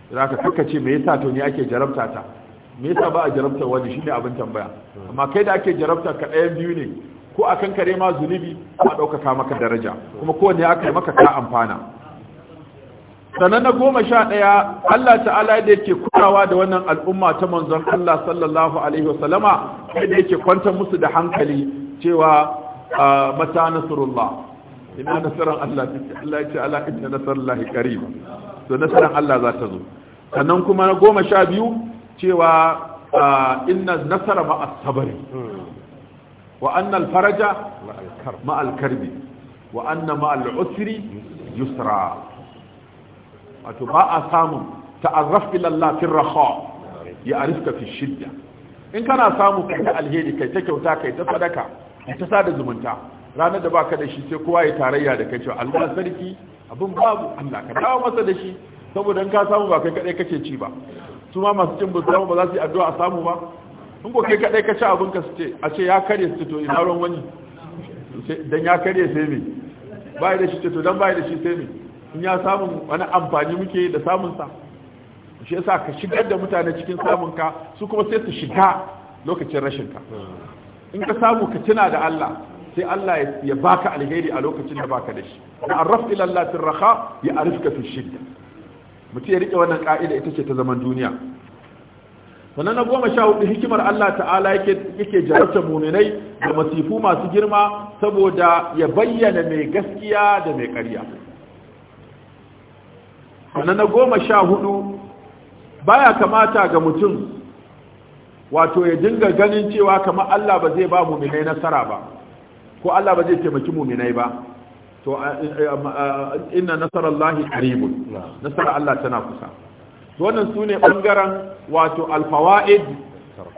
za ka ce me yasa to ne ake jarabta ta me yasa ba a jarabta wani shine abin tambaya amma kai da ake jarabta ka ɗayan biyu ne ko akan kare ma zunubi ko a ɗaukaka maka daraja kuma kowane ya yi maka ka amfana sannan na goma sha ɗaya Allah ta'ala da yake kulawa da wannan al'umma ta manzon Allah sallallahu alaihi wasallama da yake kwantar musu da hankali cewa ah, mata nasrullah ina nasaran Allah Allah ya ce ala inna nasrullahi qarib to nasaran Allah za ta zo sannan kuma na goma sha biyu cewa ah, inna nasara ma sabari wa annal faraja ma karbi wa anna ma yusra wato ba a samun ta'arraf ila Allah fi raha ya arifka fi shidda in kana samu kai ta alheri kai ta kyauta kai ta sadaka kai ta sada zumunta ranar da baka da shi sai kowa ya tarayya da kai cewa Allah sarki abin babu Allah ka dawo masa da shi saboda in ka samu ba kai kadai kake ci ba su ma masu cin busama ba za su yi addu'a a samu ba in ko kai kaɗai ka ci abin ka su ce a ce ya karye su to ina ruwan wani dan ya karye sai me bai da shi ce to dan bai da shi sai me in ya samu wani amfani muke da samun sa shi yasa ka shigar da mutane cikin samun ka su kuma sai su shiga lokacin rashin ka in ka samu ka tuna da Allah sai Allah ya baka alheri a lokacin da baka da shi ta'arraf ila Allah fi ya arifka fi shidda mutum ya rike wannan ƙa'ida ita ce ta zaman duniya sannan na goma sha hudu hikimar Allah ta'ala yake yake jarabta muminai da masifu masu girma saboda ya bayyana mai gaskiya da mai ƙarya sannan na goma sha hudu baya kamata ga mutum wato ya dinga ganin cewa kamar Allah ba zai ba muminai nasara ba ko Allah ba zai taimaki muminai ba to inna nasarallahi qaribun Nasarar Allah tana kusa wannan sune bangaren wato alfawaid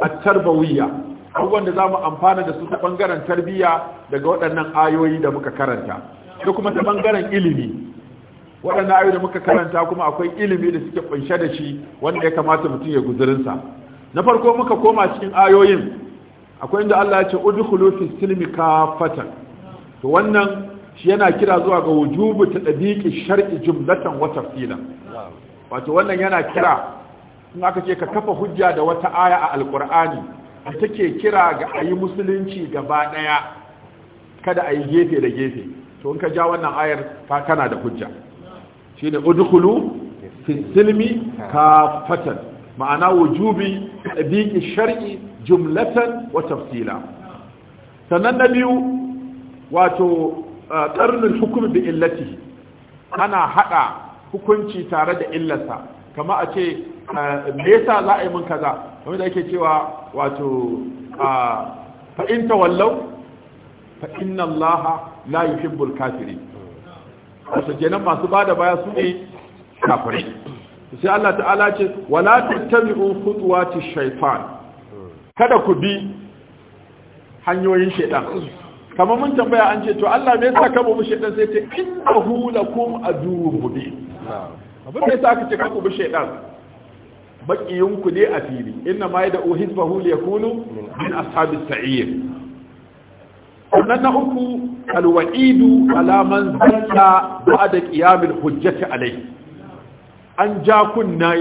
at-tarbawiyya abubuwan da zamu amfana da su ta bangaren tarbiyya daga waɗannan ayoyi da muka karanta da kuma ta bangaren ilimi waɗannan ayoyi da muka karanta kuma akwai ilimi da suke kunshe da shi wanda ya kamata mutum ya guzurinsa na farko muka koma cikin ayoyin akwai inda Allah ya ce udkhulu fi silmi kafatan to wannan shi yana kira zuwa ga wujubu ɗabiƙi, shar'i jumlatan wa tafsila wato wannan yana kira in aka ce ka kafa hujja da wata aya a alqur'ani a take kira ga ayi musulunci gaba daya kada ayi gefe da gefe to in ka ja wannan ayar fa kana da hujja Shi ne udkhulu fi silmi kafatan ma'ana wujubi ɗabiƙi, shar'i jumlatan wa tafsila sannan na biyu wato qarnul hukum bi illati ana hada hukunci tare da illarsa kama a ce me yasa za a yi mun kaza kamar da ake cewa wato fa in tawallaw fa inna allaha la yuhibbul kafirin wato kenan masu bada baya su ne kafirai sai Allah ta'ala ce wala tattabi'u khutuwati shaytan kada ku bi hanyoyin shaytan kamar mun tambaya an ce to Allah me yasa ka babu shaytan sai ce innahu lakum aduwwun mubin abin da yasa ka ce ka babu shaytan Baki ku ne a fili inna ma yada uhizbahu liyakunu min ashabis sa'ir sannan na uku alwa'idu alaman zalla ba'da qiyamil hujjati alayhi an ja kunna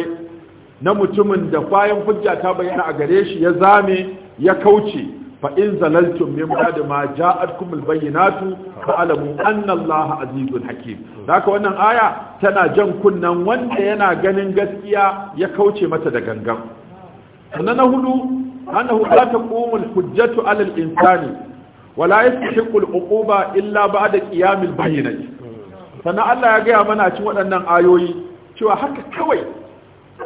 na mutumin da bayan hujja ta bayyana a gare shi ya zame ya kauce fa in zalaltum min ba'di ma ja'atkum al-bayyinatu fa'lamu anna Allah azizun hakim haka wannan aya tana jan kunnen wanda yana ganin gaskiya ya kauce mata da gangan sannan na hudu annahu la taqumu al-hujjatu 'ala al-insani wa la yastahiqu al illa ba da al-bayyinati sannan Allah ya gaya mana cin waɗannan ayoyi cewa haka kawai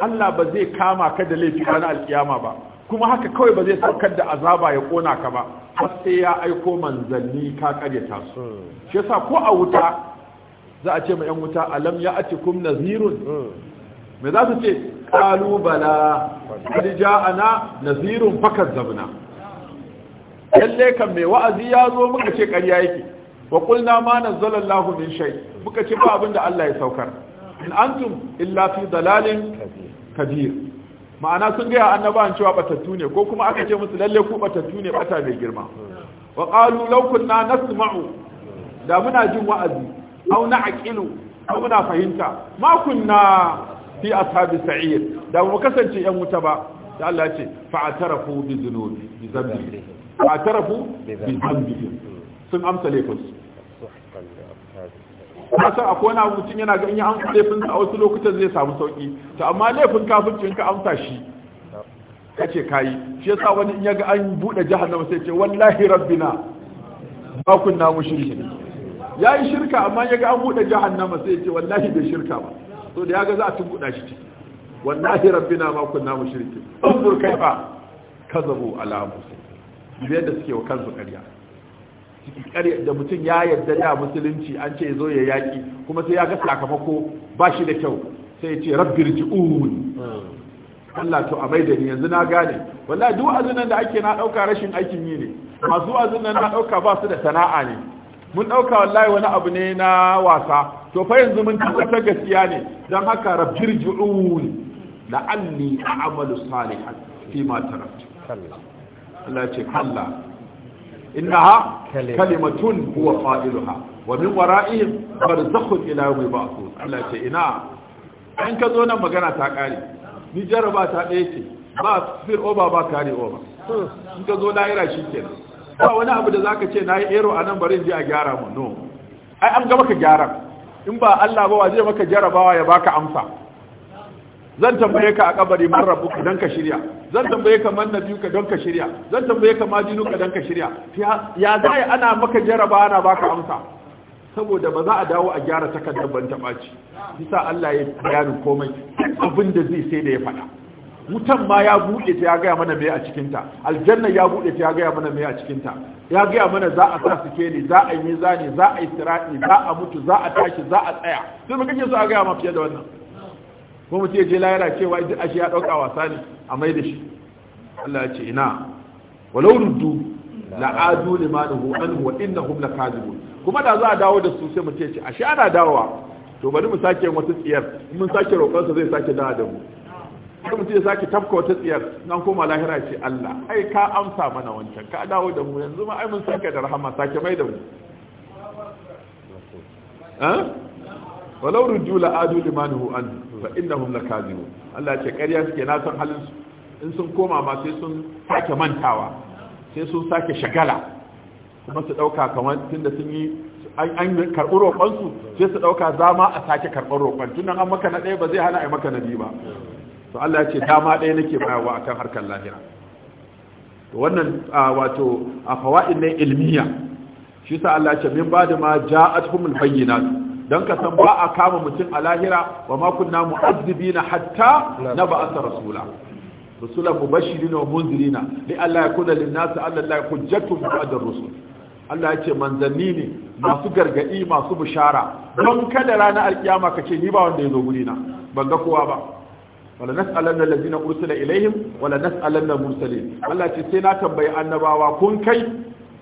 Allah ba zai kama ka da laifi ranar alkiyama ba kuma haka kawai ba zai saukar da azaba ya kona ka ba har sai ya aiko manzanni ka karyata su hmm. shi yasa ko a wuta za a ce ma yan wuta alam ya kum nazirun me za su ce qalu bala qad ja'ana nazirun fakazzabna lalle kan mai wa'azi ya zo muka ce ƙarya yake wa qulna ma nazzala Allahu min shay muka ce ba abinda Allah ya saukar in antum illa fi dalalin kabir ma'ana sun gaya annabawan cewa batattu ne ko kuma aka ce musu lalle ku batattu ne bata mai girma wa qalu law kunna nasma'u da muna jin wa'azi aw na'qilu aw muna fahimta ma kunna fi ashabi sa'ir da mu kasance yan wuta ba da Allah ce fa'atarafu bi dhunubi bi dhanbi bi dhanbi sun amsa laifinsu ka san akwai wani abu mutum yana ganin in ya amsa laifin a wasu lokutan zai samu sauki to amma laifin kafircin ka amsa shi kace kayi shi yasa wani in yaga an bude jahannama sai ce wallahi rabbina ba kunna mushrikin ya yi shirka amma ya ga an bude jahannama sai ce wallahi bai shirka ba to da ya ga za a tunkuda shi ce wallahi rabbina ma kunna mushrikin anzur kaifa kazabu ala musa biyar da suke wa kansu ƙarya da mutum ya yarda da musulunci an ce zo ya yaƙi, kuma sai ya ga sakamako ba shi da kyau sai ya ce rabbir ji'un hmm. Allah to a maida ni yanzu na gane wallahi duk azunan da ake na dauka rashin aikin yi ne masu azunan na dauka ba su da sana'a ne mun dauka wallahi wani abu ne na wasa to fa yanzu mun tabbatar gaskiya ne dan haka rabbir ji'un anni a'malu salihan fi ma taraktu Allah ce kalla إنها كلمة هو قائلها ومن ورائهم برزخ إلى يوم يبعثون الله ce ina an ka zo nan magana ta kare ni jaraba ta ɗaya ce ba fir oba ba kare oba in ka zo lahira shi ke ba wani abu da zaka ce na yi ero a nan bari je a gyara mu no ai an ga maka gyara in ba Allah ba wa zai maka jarabawa ya baka amsa zan tambaye ka a kabari rabu ka dan ka shirya zan tambaye ka man ka dan ka shirya zan tambaye ka majinu ka dan ka shirya ya zai ana maka jaraba ana baka amsa saboda ba za a dawo a gyara takardar ban taba ci bisa Allah ya bayani komai abin da zai sai da ya faɗa wutan ma ya buɗe ta ya gaya mana me a cikin ta aljanna ya buɗe ta ya gaya mana me a cikin ta ya gaya mana za a sa suke ne za a yi zani za a yi sirati za a mutu za a tashi za a tsaya sai mu kake so a gaya ma fiye da wannan ko mu ya je lahira cewa idan ashe ya dauka wasa ne a mai da shi Allah ya ce ina walau ruddu adu limanuhu anhu wa innahum lakazibun kuma da za a dawo da su sai mu ya ce ashe ana dawowa to bari mu sake wata tsiyar mun sake sa zai sake dawo da mu sai mu ya sake tafka wata tsiyar nan koma lahira ce Allah ai ka amsa mana wancan ka dawo da mu yanzu ma ai mun sake da rahama sake mai da mu eh walau ruju la adu limanhu an fa innahum lakazibun Allah ce ƙarya suke na san halin su in sun koma ma sai sun sake mantawa sai sun sake shagala kuma su dauka kamar tunda sun yi an karɓi roƙon su sai su dauka zama a sake karɓar roƙon tunda an maka na ɗaya ba zai hana a maka na biyu ba to Allah ya ce dama ɗaya nake bayarwa akan harkar lahira to wannan wato a fawaid ne ilmiya shi sa Allah ya ce min ba da ma ja'atuhumul bayyinatu don ka san ba a kama mutum a lahira wa ma kunna na hatta na nab'atha rasula رسولا مبشرين ومنذرين لئلا يكون للناس على الله حجة بعد الرسل Allah ya ce manzanni ne masu gargadi masu bishara don kada rana alkiyama ka ce ni ba wanda ya zo guri na ban ga kowa ba wala nas'alan da lazina ursula ilaihim wala nas'alan da mursalin Allah ce sai na tambayi annabawa kun kai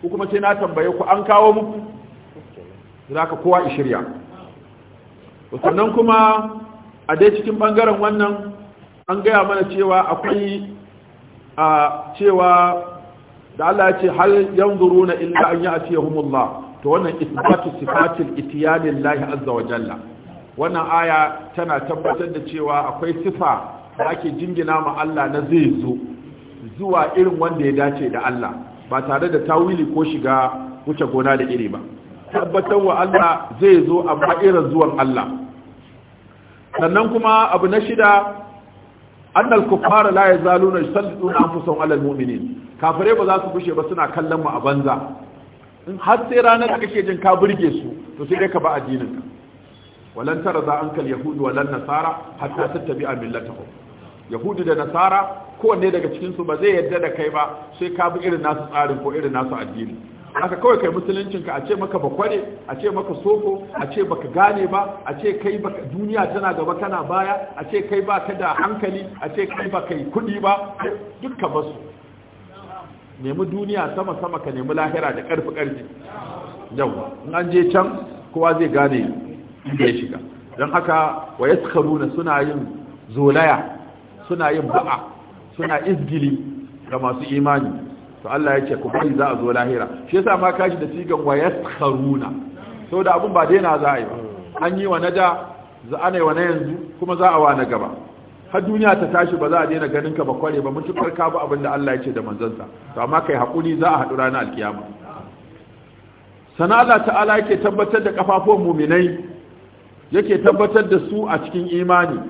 ko kuma sai na tambaye ku an kawo muku zaka kowa shirya sannan kuma a dai cikin bangaren wannan an gaya mana cewa akwai a cewa da Allah ya ce hal yanzuruna illa an ya'tiyahumullah to wannan isbatu sifatil itiyanillahi lahi azza wa jalla wannan aya tana tabbatar da cewa akwai sifa da ake jingina ma Allah na zai zo zuwa irin wanda ya dace da Allah ba tare da tawili ko shiga wuce gona da iri ba tabbatar wa Allah zai zo amma irin zuwan Allah sannan kuma abu na shida annal kuffara la yazaluna yusalluna anfusahum ala almu'minin kafirai ba za su bushe ba suna kallon mu a banza in har sai ranar da kake jin ka burge su to sai dai ka ba addinin ka walan tarza ankal yahud walan nasara hatta tattabi'a millatahum yahudu da nasara kowanne daga cikin su ba zai yarda da kai ba sai ka bi irin nasu tsarin ko irin nasu addini haka kawai kai musuluncinka a ce maka bakware a ce maka soko a ce baka gane ba a ce kai baka duniya tana gaba kana baya a ce kai baka da hankali a ce kai baka yi kudi ba dukkan basu nemi duniya sama sama ka nemi lahira da karfi karfi yawa in an je can kowa zai gane inda ya shiga don haka wa yaskharuna suna yin zolaya suna yin ba'a suna izgili ga masu imani to Allah ya ku bari za a zo lahira shi yasa ma kashi da sigan wa yaskharuna saboda abun ba daina za a yi ba an yi wa na da za a wa na yanzu kuma za a wa na gaba har duniya ta tashi ba za a daina ganin ka ba kware ba tukar ka ba abin da Allah ya da da sa to amma kai hakuri za a haɗu ranar alkiyama sana Allah ta'ala yake tabbatar da kafafun muminai yake tabbatar da su a cikin imani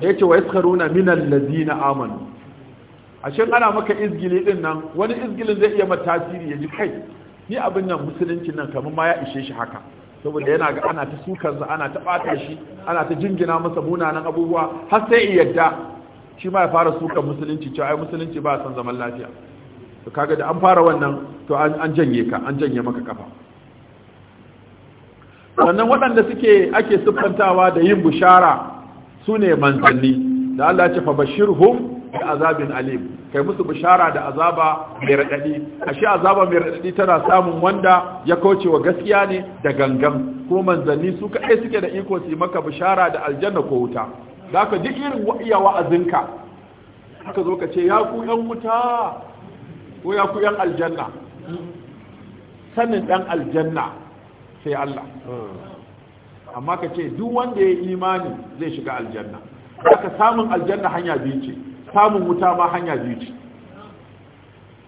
yace wa yaskharuna minal ladina amanu ashe ana maka izgili din nan wani izgilin zai iya mata tasiri ya ji kai ni abin nan musulunci nan kamar ma ya ishe shi haka saboda yana ga ana ta sukarsa ana ta bata shi ana ta jingina masa munanan abubuwa har sai ya yadda shi ma ya fara sukar musulunci cewa ai musulunci ba san zaman lafiya to kaga da an fara wannan to an janye ka an janye maka kafa Wannan waɗanda suke ake siffantawa da yin bushara sune ne manzanni da Allah ya ce fa bashirhum bi azabin alim kai musu bishara da azaba mai radadi ashe azaba mai radadi tana samun wanda ya kauce wa gaskiya ne da gangan ko manzanni su kai suke da iko su maka bishara da aljanna ko wuta zaka ji irin iya wa'azinka haka zo ka ce ya ku yan wuta ko ya ku yan aljanna sanin dan aljanna sai Allah amma ka ce duk wanda ya imani zai shiga aljanna aka samun aljanna hanya biyu ce samun wuta ma hanya biyu ce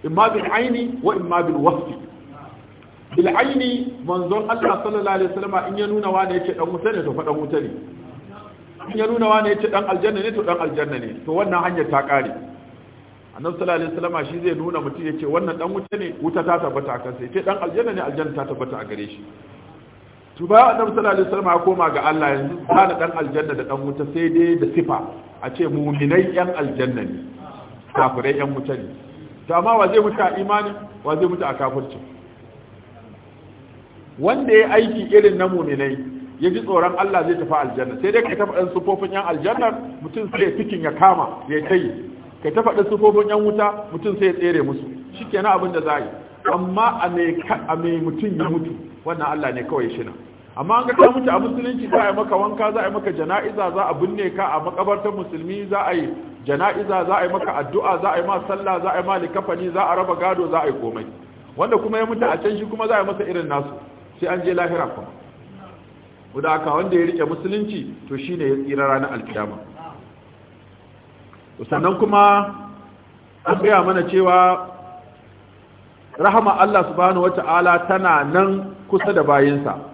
imma bil aini wa imma bil wasfi bil aini manzon Allah sallallahu alaihi wasallam in ya nuna ne yake dan wuta ne to fa dan wuta ne in ya nuna ne yace dan aljanna ne to dan aljanna ne to wannan hanya ta kare annabi sallallahu alaihi wasallam shi zai nuna mutum yace wannan dan wuta ne wuta ta tabbata a kansa yace dan aljanna ne aljanna ta tabbata a gare shi to ba annabi sallallahu alaihi wasallam ya koma ga Allah yanzu da dan aljanna da dan wuta sai dai da sifa a ce muminai yan aljanna ne kafirai yan wuta ne to amma wa zai mutu a imani wa zai mutu a kafirci wanda ya aiki irin na muminai ya ji tsoron Allah zai tafi aljanna sai dai ka tafa ɗan sufofin yan aljanna mutum sai cikin ya kama ya kai ka tafa ɗan sufofin yan wuta mutum sai ya tsere musu shikenan abin da za yi amma a mai mutum ya mutu wannan Allah ne kawai shi nan. amma an ga ta mutu a musulunci za a yi maka wanka za a yi maka jana'iza za a binne ka a makabartar musulmi za a yi jana'iza za a yi maka addu'a za a yi ma sallah za a yi ma likafani za a raba gado za a yi komai wanda kuma ya mutu a can shi kuma za a yi masa irin nasu sai an je lahira kuma wanda aka wanda ya rike musulunci to shine ya tsira ranar alkiyama sannan kuma an gaya mana cewa rahama Allah subhanahu wata'ala tana nan kusa da bayinsa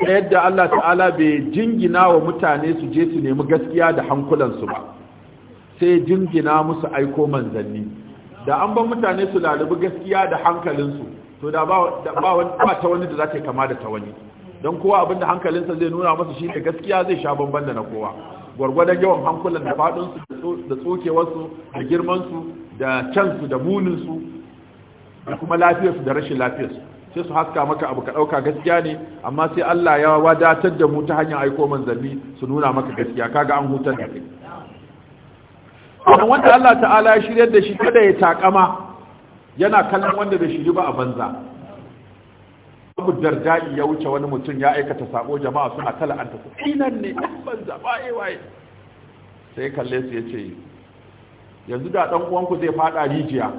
ta yadda Allah ta'ala bai jingina wa mutane su je su nemi gaskiya da hankulansu ba sai jingina musu aiko manzanni da an ban mutane su lalubi gaskiya da hankalinsu to da ba ta wani da za ta kama da ta wani don kowa abinda hankalinsa zai nuna masa shi da gaskiya zai sha banban da na kowa gwargwadon yawan hankulan da faɗinsu da tsokewarsu da girmansu da cansu da muninsu da kuma lafiyarsu da rashin lafiyarsu sai su haska maka abu ka ɗauka gaskiya ne amma sai Allah ya wadatar da mu ta hanyar aiko manzanni su nuna maka gaskiya kaga an hutar da kai amma wanda Allah ta'ala ya shiryar da shi kada ya takama yana kallon wanda bai shiri ba a banza Abu Darda'i ya wuce wani mutum ya aikata sako jama'a suna kala an tafi kinan ne an banza waye waye sai kalle su yace yanzu da dan uwanku zai fada rijiya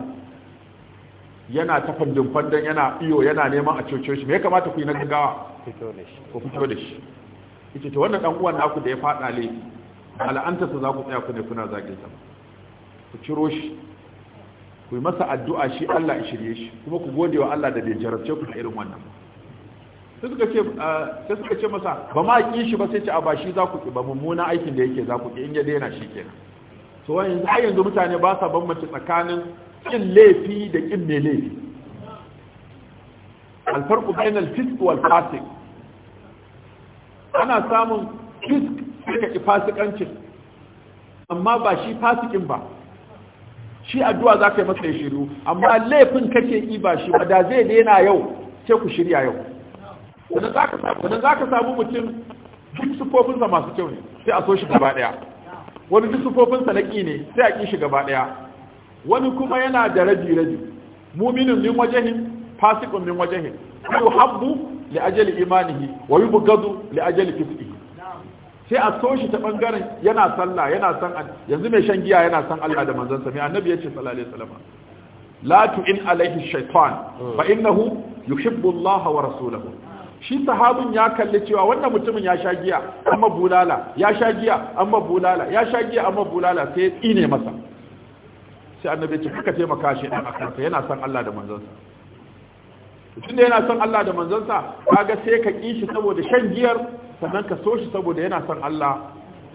yana ta fandin fandon yana iyo yana neman a coco shi me ya kamata ku yi na gaggawa ku fito da shi ita to wannan dan uwan naku da ya fada le al'anta su za ku tsaya ku ne kuna zage ta ku ciro shi ku yi masa addu'a shi Allah ya shirye shi kuma ku gode wa Allah da bai jarabce ku a irin wannan sai suka ce eh, sai suka ce masa ba ma ki shi ba sai ce a ba shi za ku ki ba mummuna aikin da yake za ku ki in ya daina shi kenan so yanzu har yanzu mutane ba sa bambance tsakanin kin laifi da kin mai laifi alfarku bayan alfisk wal fasik ana samun fisk suka ki fasikancin amma ba shi fasikin ba shi addu'a za ka yi masa ya shiru amma laifin kake yi ba shi ba da zai daina yau sai ku shirya yau wannan za ka samu mutum duk sufofinsa masu kyau ne sai a so shi gaba daya wani duk sufofinsa na ƙi ne sai a ƙi shi gaba daya wani kuma yana da rabi rabi mu'minun min wajhin fasiqun min wajhin yuhabbu li ajali imanihi wa yubghadu li ajali fiskihi sai a so shi ta bangaren yana sallah yana san yanzu mai shan giya yana san Allah da manzansa sami annabi yace sallallahu alaihi wasallam la tu'in alaihi shaytan fa innahu yuhibbu Allah wa rasulahu shi sahabin ya kalli cewa wannan mutumin ya sha giya amma bulala ya sha giya amma bulala ya sha giya amma bulala sai tsine masa sai annabi ce kaka taimaka shi dan akan yana son Allah da manzansa tun da yana son Allah da manzansa kaga sai ka kishi saboda shan giyar sannan ka so shi saboda yana son Allah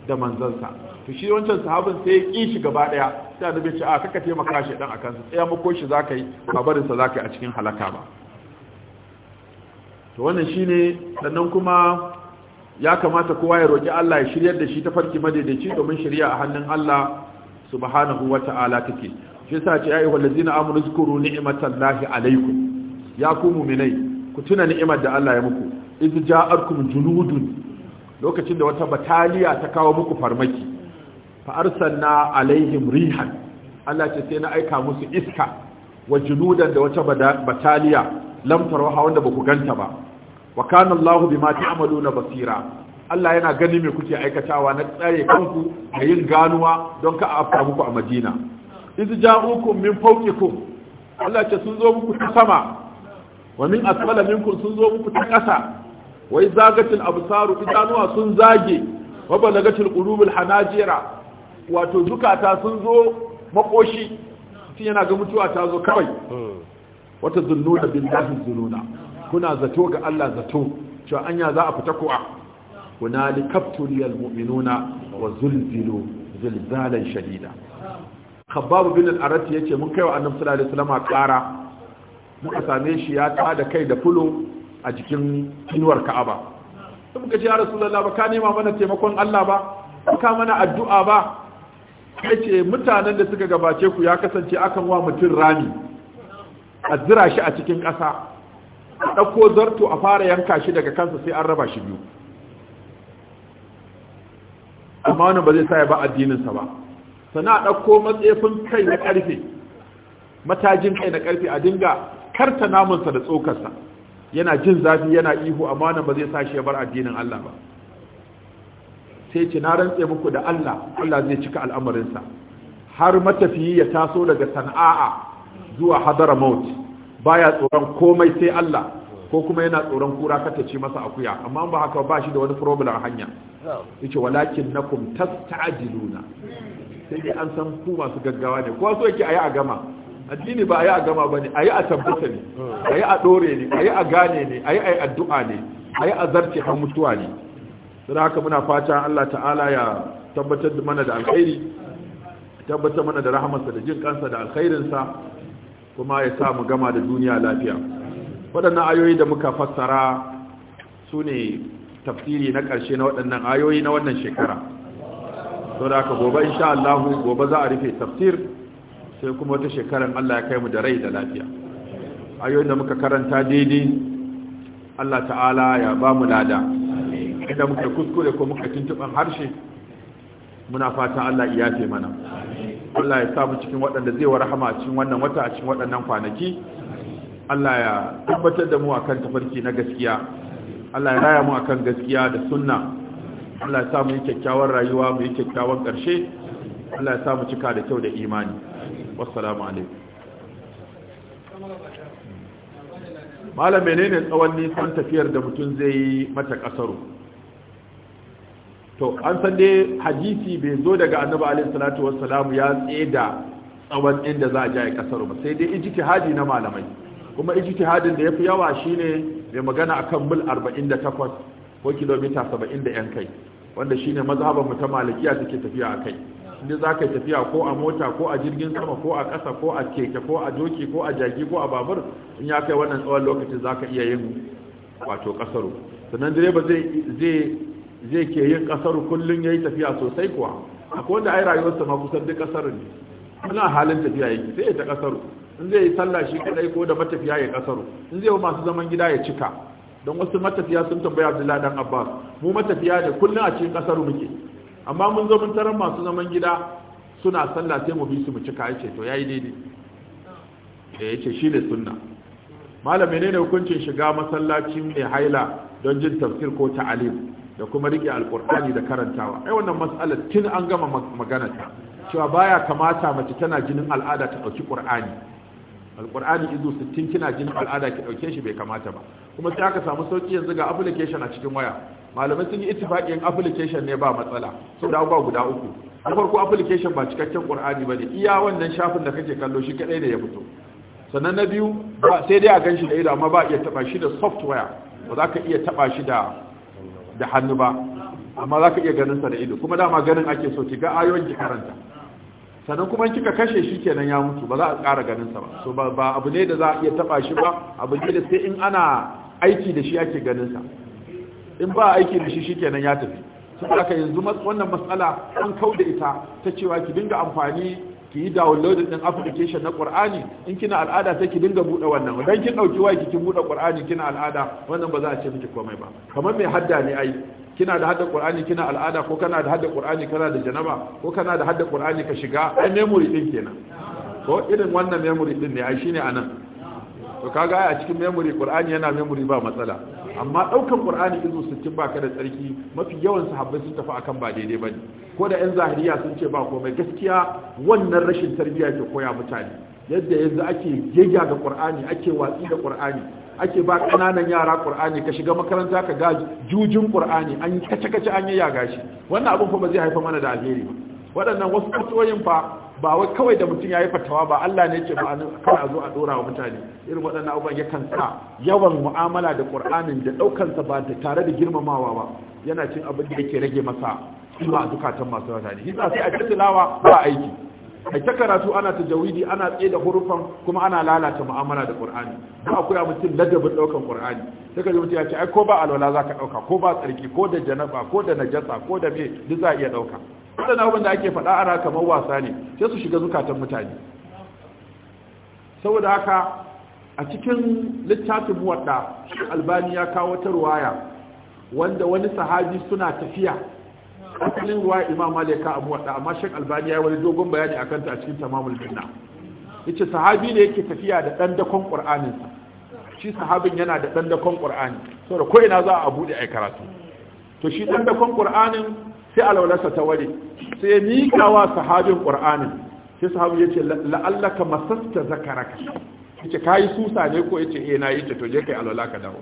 da manzansa to shi wancan sahabin sai ya ƙi shi gaba ɗaya sai annabi ce a kaka taimaka shi dan akan sa tsaya mako shi zaka yi ba barin sa zaka yi a cikin halaka ba to wannan shine sannan kuma ya kamata kowa ya roki Allah ya shiryar da shi ta farki madaidaici domin shari'a a hannun Allah subhanahu wa ta'ala take shi yasa ce ayyuhal ladzina amanu zkuru ni'matallahi alaykum ya ku mu'minai ku tuna ni'imar da Allah ya muku iz ja'arkum junudun lokacin da wata bataliya ta kawo muku farmaki fa arsalna alaihim rihan Allah ce sai na aika musu iska wa junudan da wata bataliya lam tarawha wanda ku ganta ba wa kana Allahu bima ta'maluna basira Allah yana gani mai kuke aikatawa na tsare kanku da yin ganuwa don ka afka muku a Madina iz ja'ukum min fawqikum Allah ce sun zo muku ta sama wa min asfala minkum sun zo muku ta ƙasa wa izagatil absaru idanuwa sun zage wa balagatil qulubul hanajira wato zukata sun zo makoshi shi yana ga mutuwa ta zo kawai wata zunnuna billahi zununa kuna zato ga Allah zato cewa anya za a fita ko a هنالك ابتلي المؤمنون وزلزلوا زلزالا شديدا خباب بن الأرت يتي من كيو أنم صلى asame shi ya da kai da fulo a jikin inuwar Ka'aba. sai muka ce ya rasulullahi ba ka nema mana taimakon Allah ba ka mana addu'a ba yace mutanen da suka gabace ku ya kasance akan wa mutum rami a zira shi a cikin ƙasa dauko ɗauko zarto a fara yanka shi daga kansa sai an raba shi biyu amma wannan ba zai sa ya ba addininsa ba sana a ɗauko matsefin kai na ƙarfe matajin kai na ƙarfe a dinga karta namansa da tsokarsa yana jin zafi yana ihu amma wannan ba zai sa shi ya bar addinin Allah ba sai ce na rantse muku da Allah Allah zai cika al'amarinsa har matafiyi ya taso daga sana'a zuwa hadara maut baya tsoron komai sai Allah ko kuma yana tsoron kura kata ce masa akuya amma ba haka ba shi da wani problem hanya yace walakin nakum tasta'jiluna sai dai an san ku masu gaggawa ne ko so yake ayi a gama addini ba ayi a gama bane ayi a tabbata ne ayi a dore ne ayi a gane ne ayi ayi addu'a ne ayi a zarce har mutuwa ne don haka muna fata Allah ta'ala ya tabbatar mana da alkhairi tabbatar mana da rahamarsa da jin kansa da alkhairinsa kuma ya sa mu gama da duniya lafiya waɗannan ayoyi da muka fassara su ne tafsiri na ƙarshe na waɗannan ayoyi na wannan shekara sau da aka gobe insha Allahu gobe za a rufe tafsir sai kuma wata shekarar Allah ya kai mu da rai da lafiya ayoyin da muka karanta daidai Allah ta'ala ya ba mu lada inda muka kuskure ko muka tuntuɓan harshe muna fata Allah ya yafe mana Allah ya samu cikin waɗanda zai wa rahama cikin wannan wata a cikin waɗannan kwanaki Allah ya tabbatar da mu akan tafarki na gaskiya Allah ya raya mu akan gaskiya da sunna Allah ya sa mu yi kyakkyawan rayuwa mu yi kyakkyawan ƙarshe Allah ya sa mu cika da kyau da imani wassalamu alaikum malam menene tsawon nisan tafiyar da mutum zai yi mata ƙasaru. to an san dai hadisi bai zo daga annabi alaihi salatu wassalamu ya tsaye da tsawon inda za a ja ya kasaru ba sai dai ijtihadi na malamai kuma ijtihadin da yafi yawa shine mai magana akan mil 48 ko kilomita 70 da yan kai wanda shine mazhabar mu ta malikiya take tafiya akai inda za ka tafiya ko a mota ko a jirgin sama ko a ƙasa ko a keke ko a doki ko a jagi ko a babur in ya kai wannan tsawon lokacin zaka iya yin wato ƙasaru sannan direba zai ke yin ƙasaru kullum yayi tafiya sosai kuwa akwai wanda ai rayuwarsa ma kusan duk ƙasaru ne ana halin tafiya yake sai ya ta ƙasaru in zai yi sallah shi kadai ko da matafiya ya kasaro in zai yi masu zaman gida ya cika don wasu matafiya sun tambaya Abdullahi dan Abbas mu matafiya ne kullum a cikin kasaro muke amma mun zo mun tarar masu zaman gida suna sallah sai mu bi su mu cika yace to yayi daidai eh yace shi ne sunna malam menene hukuncin shiga masallaci mai haila don jin tafsir ko ta'alim da kuma rike alkur'ani da karantawa ai wannan mas'alar tun an gama magana ta cewa baya kamata mace tana jinin al'ada ta dauki qur'ani alqur'ani izu 60 kina jin al'ada ki ɗauke shi bai kamata ba kuma sai aka samu sauki yanzu ga application a cikin waya malamai sun yi ittifaqin application ne ba matsala sau da ba guda uku na farko application ba cikakken qur'ani ne iya wannan shafin da kake kallo shi kadai ne ya fito sannan na biyu ba sai dai a ganshi da ido amma ba iya taba shi da software ba za ka iya taba shi da da hannu ba amma za ka iya ganin sa da ido kuma dama ganin ake so ki ga ayoyin ki karanta sannan kuma kika kashe shi kenan ya mutu ba za a ƙara ganin sa ba so ba abu ne da za a iya taba shi ba abu ne da sai in ana aiki da shi ake ganinsa. in ba aiki da shi kenan ya tafi saboda aka yanzu wannan matsala an kau da ita ta cewa ki dinga amfani ki yi download din application na Qur'ani in kina al'ada sai ki dinga buɗe wannan dan kin dauki waya kin buɗe Qur'ani kina al'ada wannan ba za a ce miki komai ba kamar mai hadda ne ai kina da hadda qur'ani kina al'ada ko kana da hadda qur'ani kana da janaba ko kana da hadda qur'ani ka shiga ai memory din kenan ko irin wannan memory din ne ai shine anan to kaga a cikin memory qur'ani yana memory ba matsala amma daukan qur'ani su 60 baka da tsarki mafi yawan sahabbai sun tafi akan ba daidai bane ko da yan zahiriya sun ce ba komai gaskiya wannan rashin tarbiyya ke koya mutane yadda yanzu ake gega ga qur'ani ake watsi da qur'ani ake ba ƙananan yara ƙur'ani ka shiga makaranta ka ga jujin ƙur'ani an yi kace-kace an yi ya gashi. wannan abun fa ba zai haifa mana da alheri ba waɗannan wasu fatoyin fa ba wai kawai da mutum ya yi fatawa ba Allah ne ce ba an a zo a dora wa mutane irin waɗannan abubuwan kan sa yawan mu'amala da ƙur'anin da ɗaukansa ba tare da girmamawa ba yana cin abin da yake rage masa ima a zukatan masu mutane. Hisa sai a tilawa ba aiki. ai ta karatu ana ta jawidi ana tsaye da hurufan kuma ana lalata mu'amala da qur'ani ba akwai mutum ladabin daukan qur'ani sai ka ji mutum ya ce ai ko ba alwala zaka dauka ko ba tsarki ko da janaba ko da najasa ko da me duk za iya dauka wannan abin da ake faɗa ana kamar wasa ne sai su shiga zukatan mutane saboda haka a cikin littafin wadda albani ya kawo ta ruwaya wanda wani sahabi suna tafiya asalin wa imam malik ka abu wadda amma shek albani ya wani dogon bayani akan ta a cikin tamamul jinna yace sahabi ne yake tafiya da dan dakon qur'anin shi sahabin yana da dan dakon qur'ani saboda ko ina za a bude ai karatu to shi dan dakon qur'anin sai alwalarsa ta ware sai ya mika wa sahabin qur'anin sai sahabi yace la'allaka masasta zakaraka yace kai susa ne ko yace eh na yace to je kai alwala ka dawo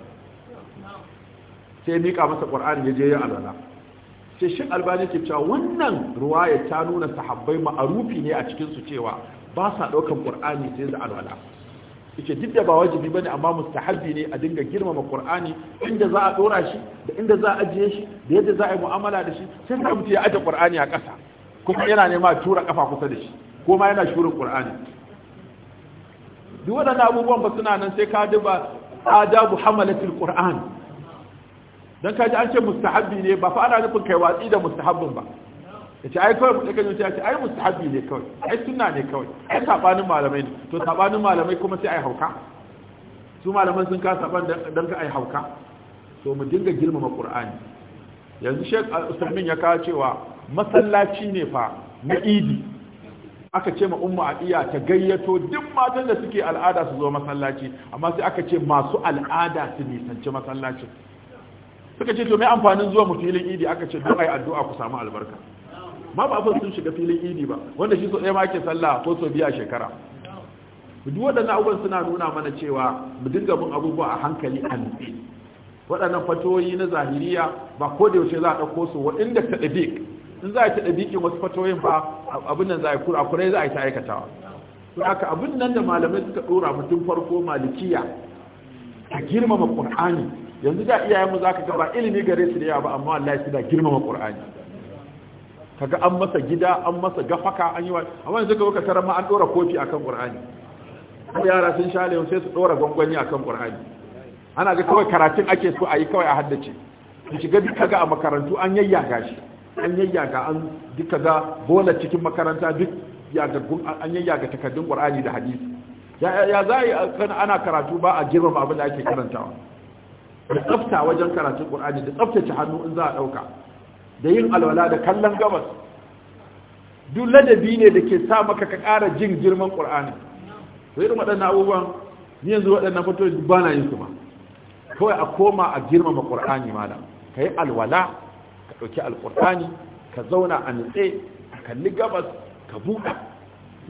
sai mika masa qur'ani ya je ya alwala sai shi albani ke cewa wannan ruwaya ta nuna sahabbai ma'arufi ne a cikin su cewa ba sa daukan qur'ani sai da alwala ike duk da ba wajibi ba ne amma mustahabbi ne a dinga girmama qur'ani inda za a dora shi da inda za a ajiye shi da yadda za a yi mu'amala da shi sai ka mutu ya ajiye qur'ani a ƙasa kuma yana nema tura kafa kusa da shi ko ma yana shurin qur'ani duk waɗannan abubuwan ba suna nan sai ka duba adabu hamalatul qur'an dan kaji an ce mustahabbi ne ba fa ana nufin kai watsi da mustahabbin ba yace ai kawai mutum kan yace yace ai mustahabbi ne kawai ai sunna ne kawai ai sabanin malamai ne to sabanin malamai kuma sai ai hauka su malaman sun kasa ban dan ka ai hauka to mu dinga girmama qur'ani yanzu Sheikh Usman ya kawo cewa masallaci ne fa na idi aka ce ma umma adiya ta gayyato duk matan da suke al'ada su zo masallaci amma sai aka ce masu al'ada su nisanci masallacin suka ce to mai amfanin zuwa mu filin idi aka ce don ai addu'a ku samu albarka ma ba fa sun shiga filin idi ba wanda shi so ɗaya ma ake sallah ko so biya shekara duk waɗannan abubuwan suna nuna mana cewa mu dinga bin abubuwa a hankali a bi waɗannan fatoyi na zahiriya ba ko da yaushe za a ɗauko su waɗanda ta ɗabiƙ in za a ta ɗabiƙin wasu fatoyin ba abin nan za a kura kurai za a ta aikatawa to haka abin nan da malamai suka ɗora mutum farko malikiya a girmama ƙur'ani yanzu da iyayenmu za ka ga ilimi gare su da yawa ba amma Allah ya girmama Qur'ani kaga an masa gida an masa gafaka an yi wa amma yanzu ka tara ma an dora kofi akan Qur'ani ko yara sun sha sai su dora gwangwani akan Qur'ani ana ga kawai karatun ake so a yi kawai a haddace ki shiga duk kaga a makarantu an yayyaga shi an yayyaga an duk kaga bola cikin makaranta duk ya ga an yayyaga takaddun Qur'ani da hadisi ya za ana karatu ba a girmama abin da ake karantawa da tsafta wajen karatun ƙur'ani da tsaftace hannu in za a ɗauka da yin alwala da kallon gabas duk ladabi ne da ke sa maka ka ƙara jin girman ƙur'ani to irin waɗannan abubuwan ni yanzu waɗannan fito ba na yin su ma kawai a koma a girmama ƙur'ani malam ka yi alwala ka ɗauki alƙur'ani ka zauna a nutse a kalli gabas ka buɗa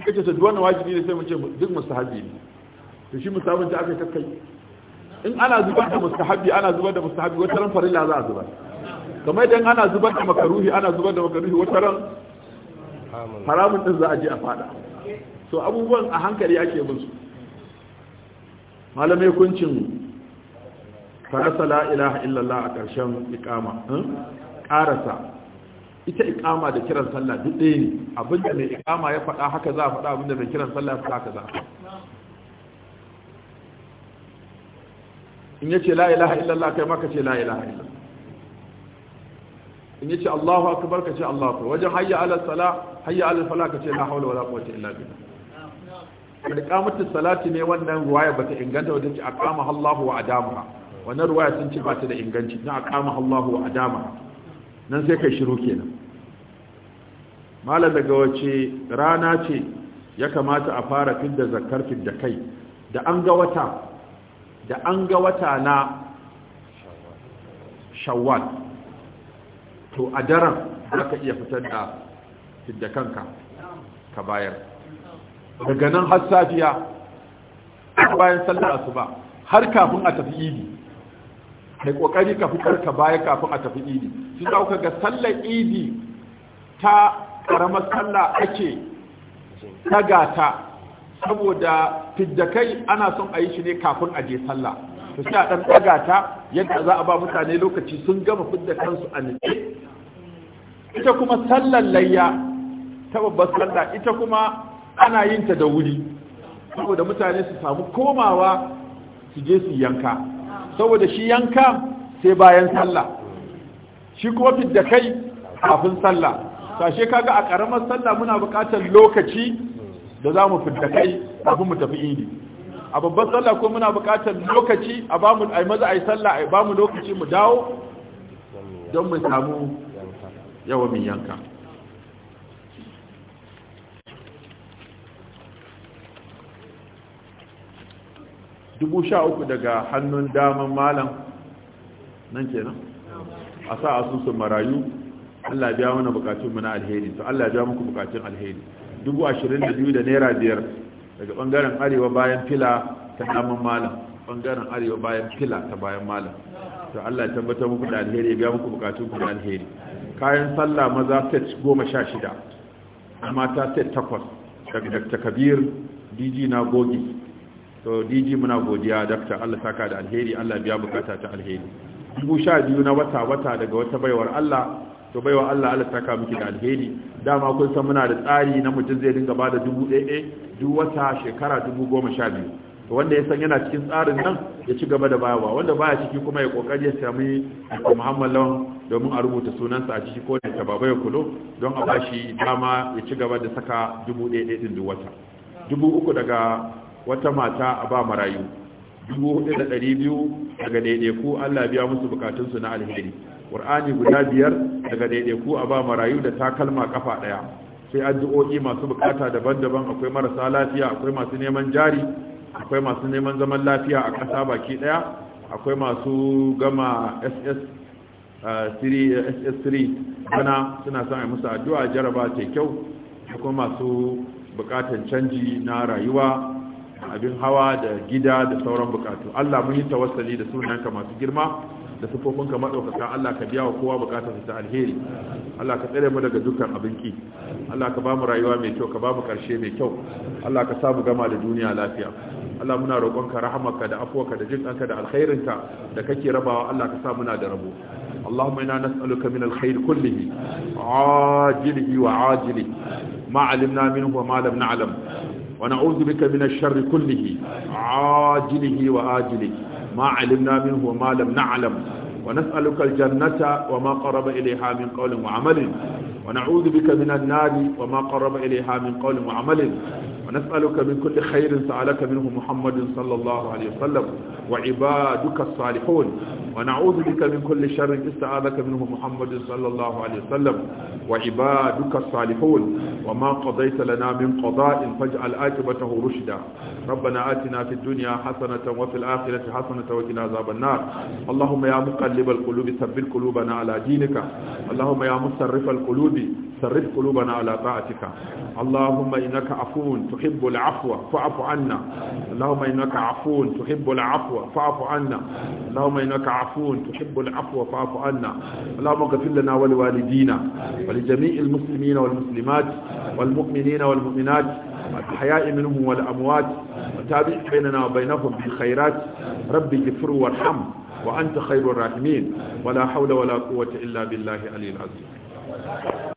in ce su duwannan wajibi ne sai mu ce duk musahabi ne to shi musamman ta aka yi in ana zubar da mustahabi ana zubar da mustahabi wata ran farilla za a zubar kamar idan ana zubar da makaruhi ana zubar da makaruhi wata ran haramun din za a je a fada so abubuwan a hankali ake bin su malamai kuncin farasa la ilaha illallah a karshen ikama Karasa hmm? ita ikama da kiran sallah duk ɗaya ne abinda mai ikama ya faɗa haka za a faɗa abinda mai kiran sallah ya faɗa haka za a faɗa in yace la ilaha illallah kai ma ka ce la ilaha illallah in yace Allahu akbar ka ce Allahu akbar wajen hayya ala sala hayya ala fala ka ce la hawla wala quwwata illa billah da kamatin salati ne wannan ruwaya bata inganta wajen ce aqama Allahu wa adama wannan ruwaya sun ce ba ta da inganci na aqama Allahu wa adama nan sai kai shiru kenan malam daga wace rana ce ya kamata a fara fidda zakar fidda kai da an ga wata da an ga wata na shawwal to a daren zaka iya fitar da fidda kanka ka bayar daga nan har safiya bayan sallar asuba har kafin a tafi idi kai kokari ka fitar ka baya kafin a tafi idi sun dauka ga sallar idi ta karamar sallah ake tagata saboda fiddakai ana son a yi shi ne kafin a je sallah to sai a dan daga yadda za a ba mutane lokaci sun gama fidda a nitse ita kuma sallar layya ta babbar sallah ita kuma ana yin ta da wuri saboda mutane su samu komawa su je su yanka saboda shi yanka sai bayan sallah shi kuma fiddakai kafin sallah sashe kaga a karamar sallah muna buƙatar lokaci da za mu fita kai kafin mu tafi idi a babban sallah ko muna buƙatar lokaci a ba mu ai maza ai sallah ai ba mu lokaci mu dawo don mu samu yawa min yanka dubu sha uku daga hannun daman malam nan kenan a sa asusun marayu Allah biya mana bukatun na alheri to Allah ya biya muku bukatun alheri dubu ashirin da biyu da naira biyar daga bangaren arewa bayan fila ta namun malam bangaren arewa bayan fila ta bayan malam to Allah ya tabbatar muku da alheri ya biya muku bukatun ku da alheri kayan sallah maza set goma sha shida mata set takwas daga Dr. Kabir DG na gogi to DG muna godiya Dr. Allah saka da alheri Allah biya bukata ta alheri dubu sha biyu na wata wata daga wata baiwar Allah to baiwa Allah Allah saka miki da alheri dama kun san muna da tsari na mutum zai dinga bada dubu ɗaya duk wata shekara dubu goma sha biyu to wanda ya san yana cikin tsarin nan ya ci gaba da bayarwa wanda baya ciki kuma ya kokari ya sami ko Muhammad Lawan domin a rubuta sunansa a ciki ko da baba ya kulo don a bashi dama ya ci gaba da saka dubu ɗaya din duk wata dubu uku daga wata mata a ba marayu dubu hudu da ɗari biyu daga ɗaiɗaiku Allah biya musu bukatunsu na alheri qur'ani guda biyar daga daidaiku a ba marayu da takalma kafa ɗaya. sai addu'o'i masu bukata daban-daban akwai marasa lafiya akwai masu neman jari akwai masu neman zaman lafiya a ƙasa baki ɗaya, akwai masu gama ss 3 eh, eh, bana suna son a musu addu'a jaraba ce kyau akwai masu bukatan canji na rayuwa abin hawa da gida da sauran bukatu Allah mun yi tawassali da sunanka masu girma da sufofin kamar Allah ka biya wa kowa bukatarsa ta alheri Allah ka tsare mu daga dukkan abin ki Allah ka ba mu rayuwa mai kyau ka ba mu ƙarshe mai kyau Allah ka samu gama da duniya lafiya Allah muna roƙonka rahamarka da afuwarka da jinƙanka da ka da kake rabawa Allah ka sa muna da rabo اللهم إنا نسألك من الخير كله عاجله وعاجله ما علمنا منه وما لم نعلم ونعوذ بك من الشر كله عاجله وآجله ما علمنا منه وما لم نعلم ونسألك الجنة وما قرب إليها من قول وعمل ونعوذ بك من النار وما قرب إليها من قول وعمل ونسألك من كل خير سألك منه محمد صلى الله عليه وسلم وعبادك الصالحون ونعوذ بك من كل شر استعاذك منه محمد صلى الله عليه وسلم وعبادك الصالحون وما قضيت لنا من قضاء فاجعل آجبته رشدا ربنا آتنا في الدنيا حسنة وفي الآخرة حسنة وقنا عذاب النار اللهم يا مقلب القلوب ثبت قلوبنا على دينك اللهم يا مصرف القلوب صرف قلوبنا على طاعتك اللهم إنك عفو تحب تحب العفو فاعف عنا اللهم إنك عفو تحب العفو فاعف عنا اللهم إنك عفو تحب العفو فاعف عنا اللهم اغفر لنا ولوالدينا ولجميع المسلمين والمسلمات والمؤمنين والمؤمنات الحياء منهم والأموات وتابع بيننا وبينهم بالخيرات رب اغفر وارحم وأنت خير الراحمين ولا حول ولا قوة إلا بالله العلي العظيم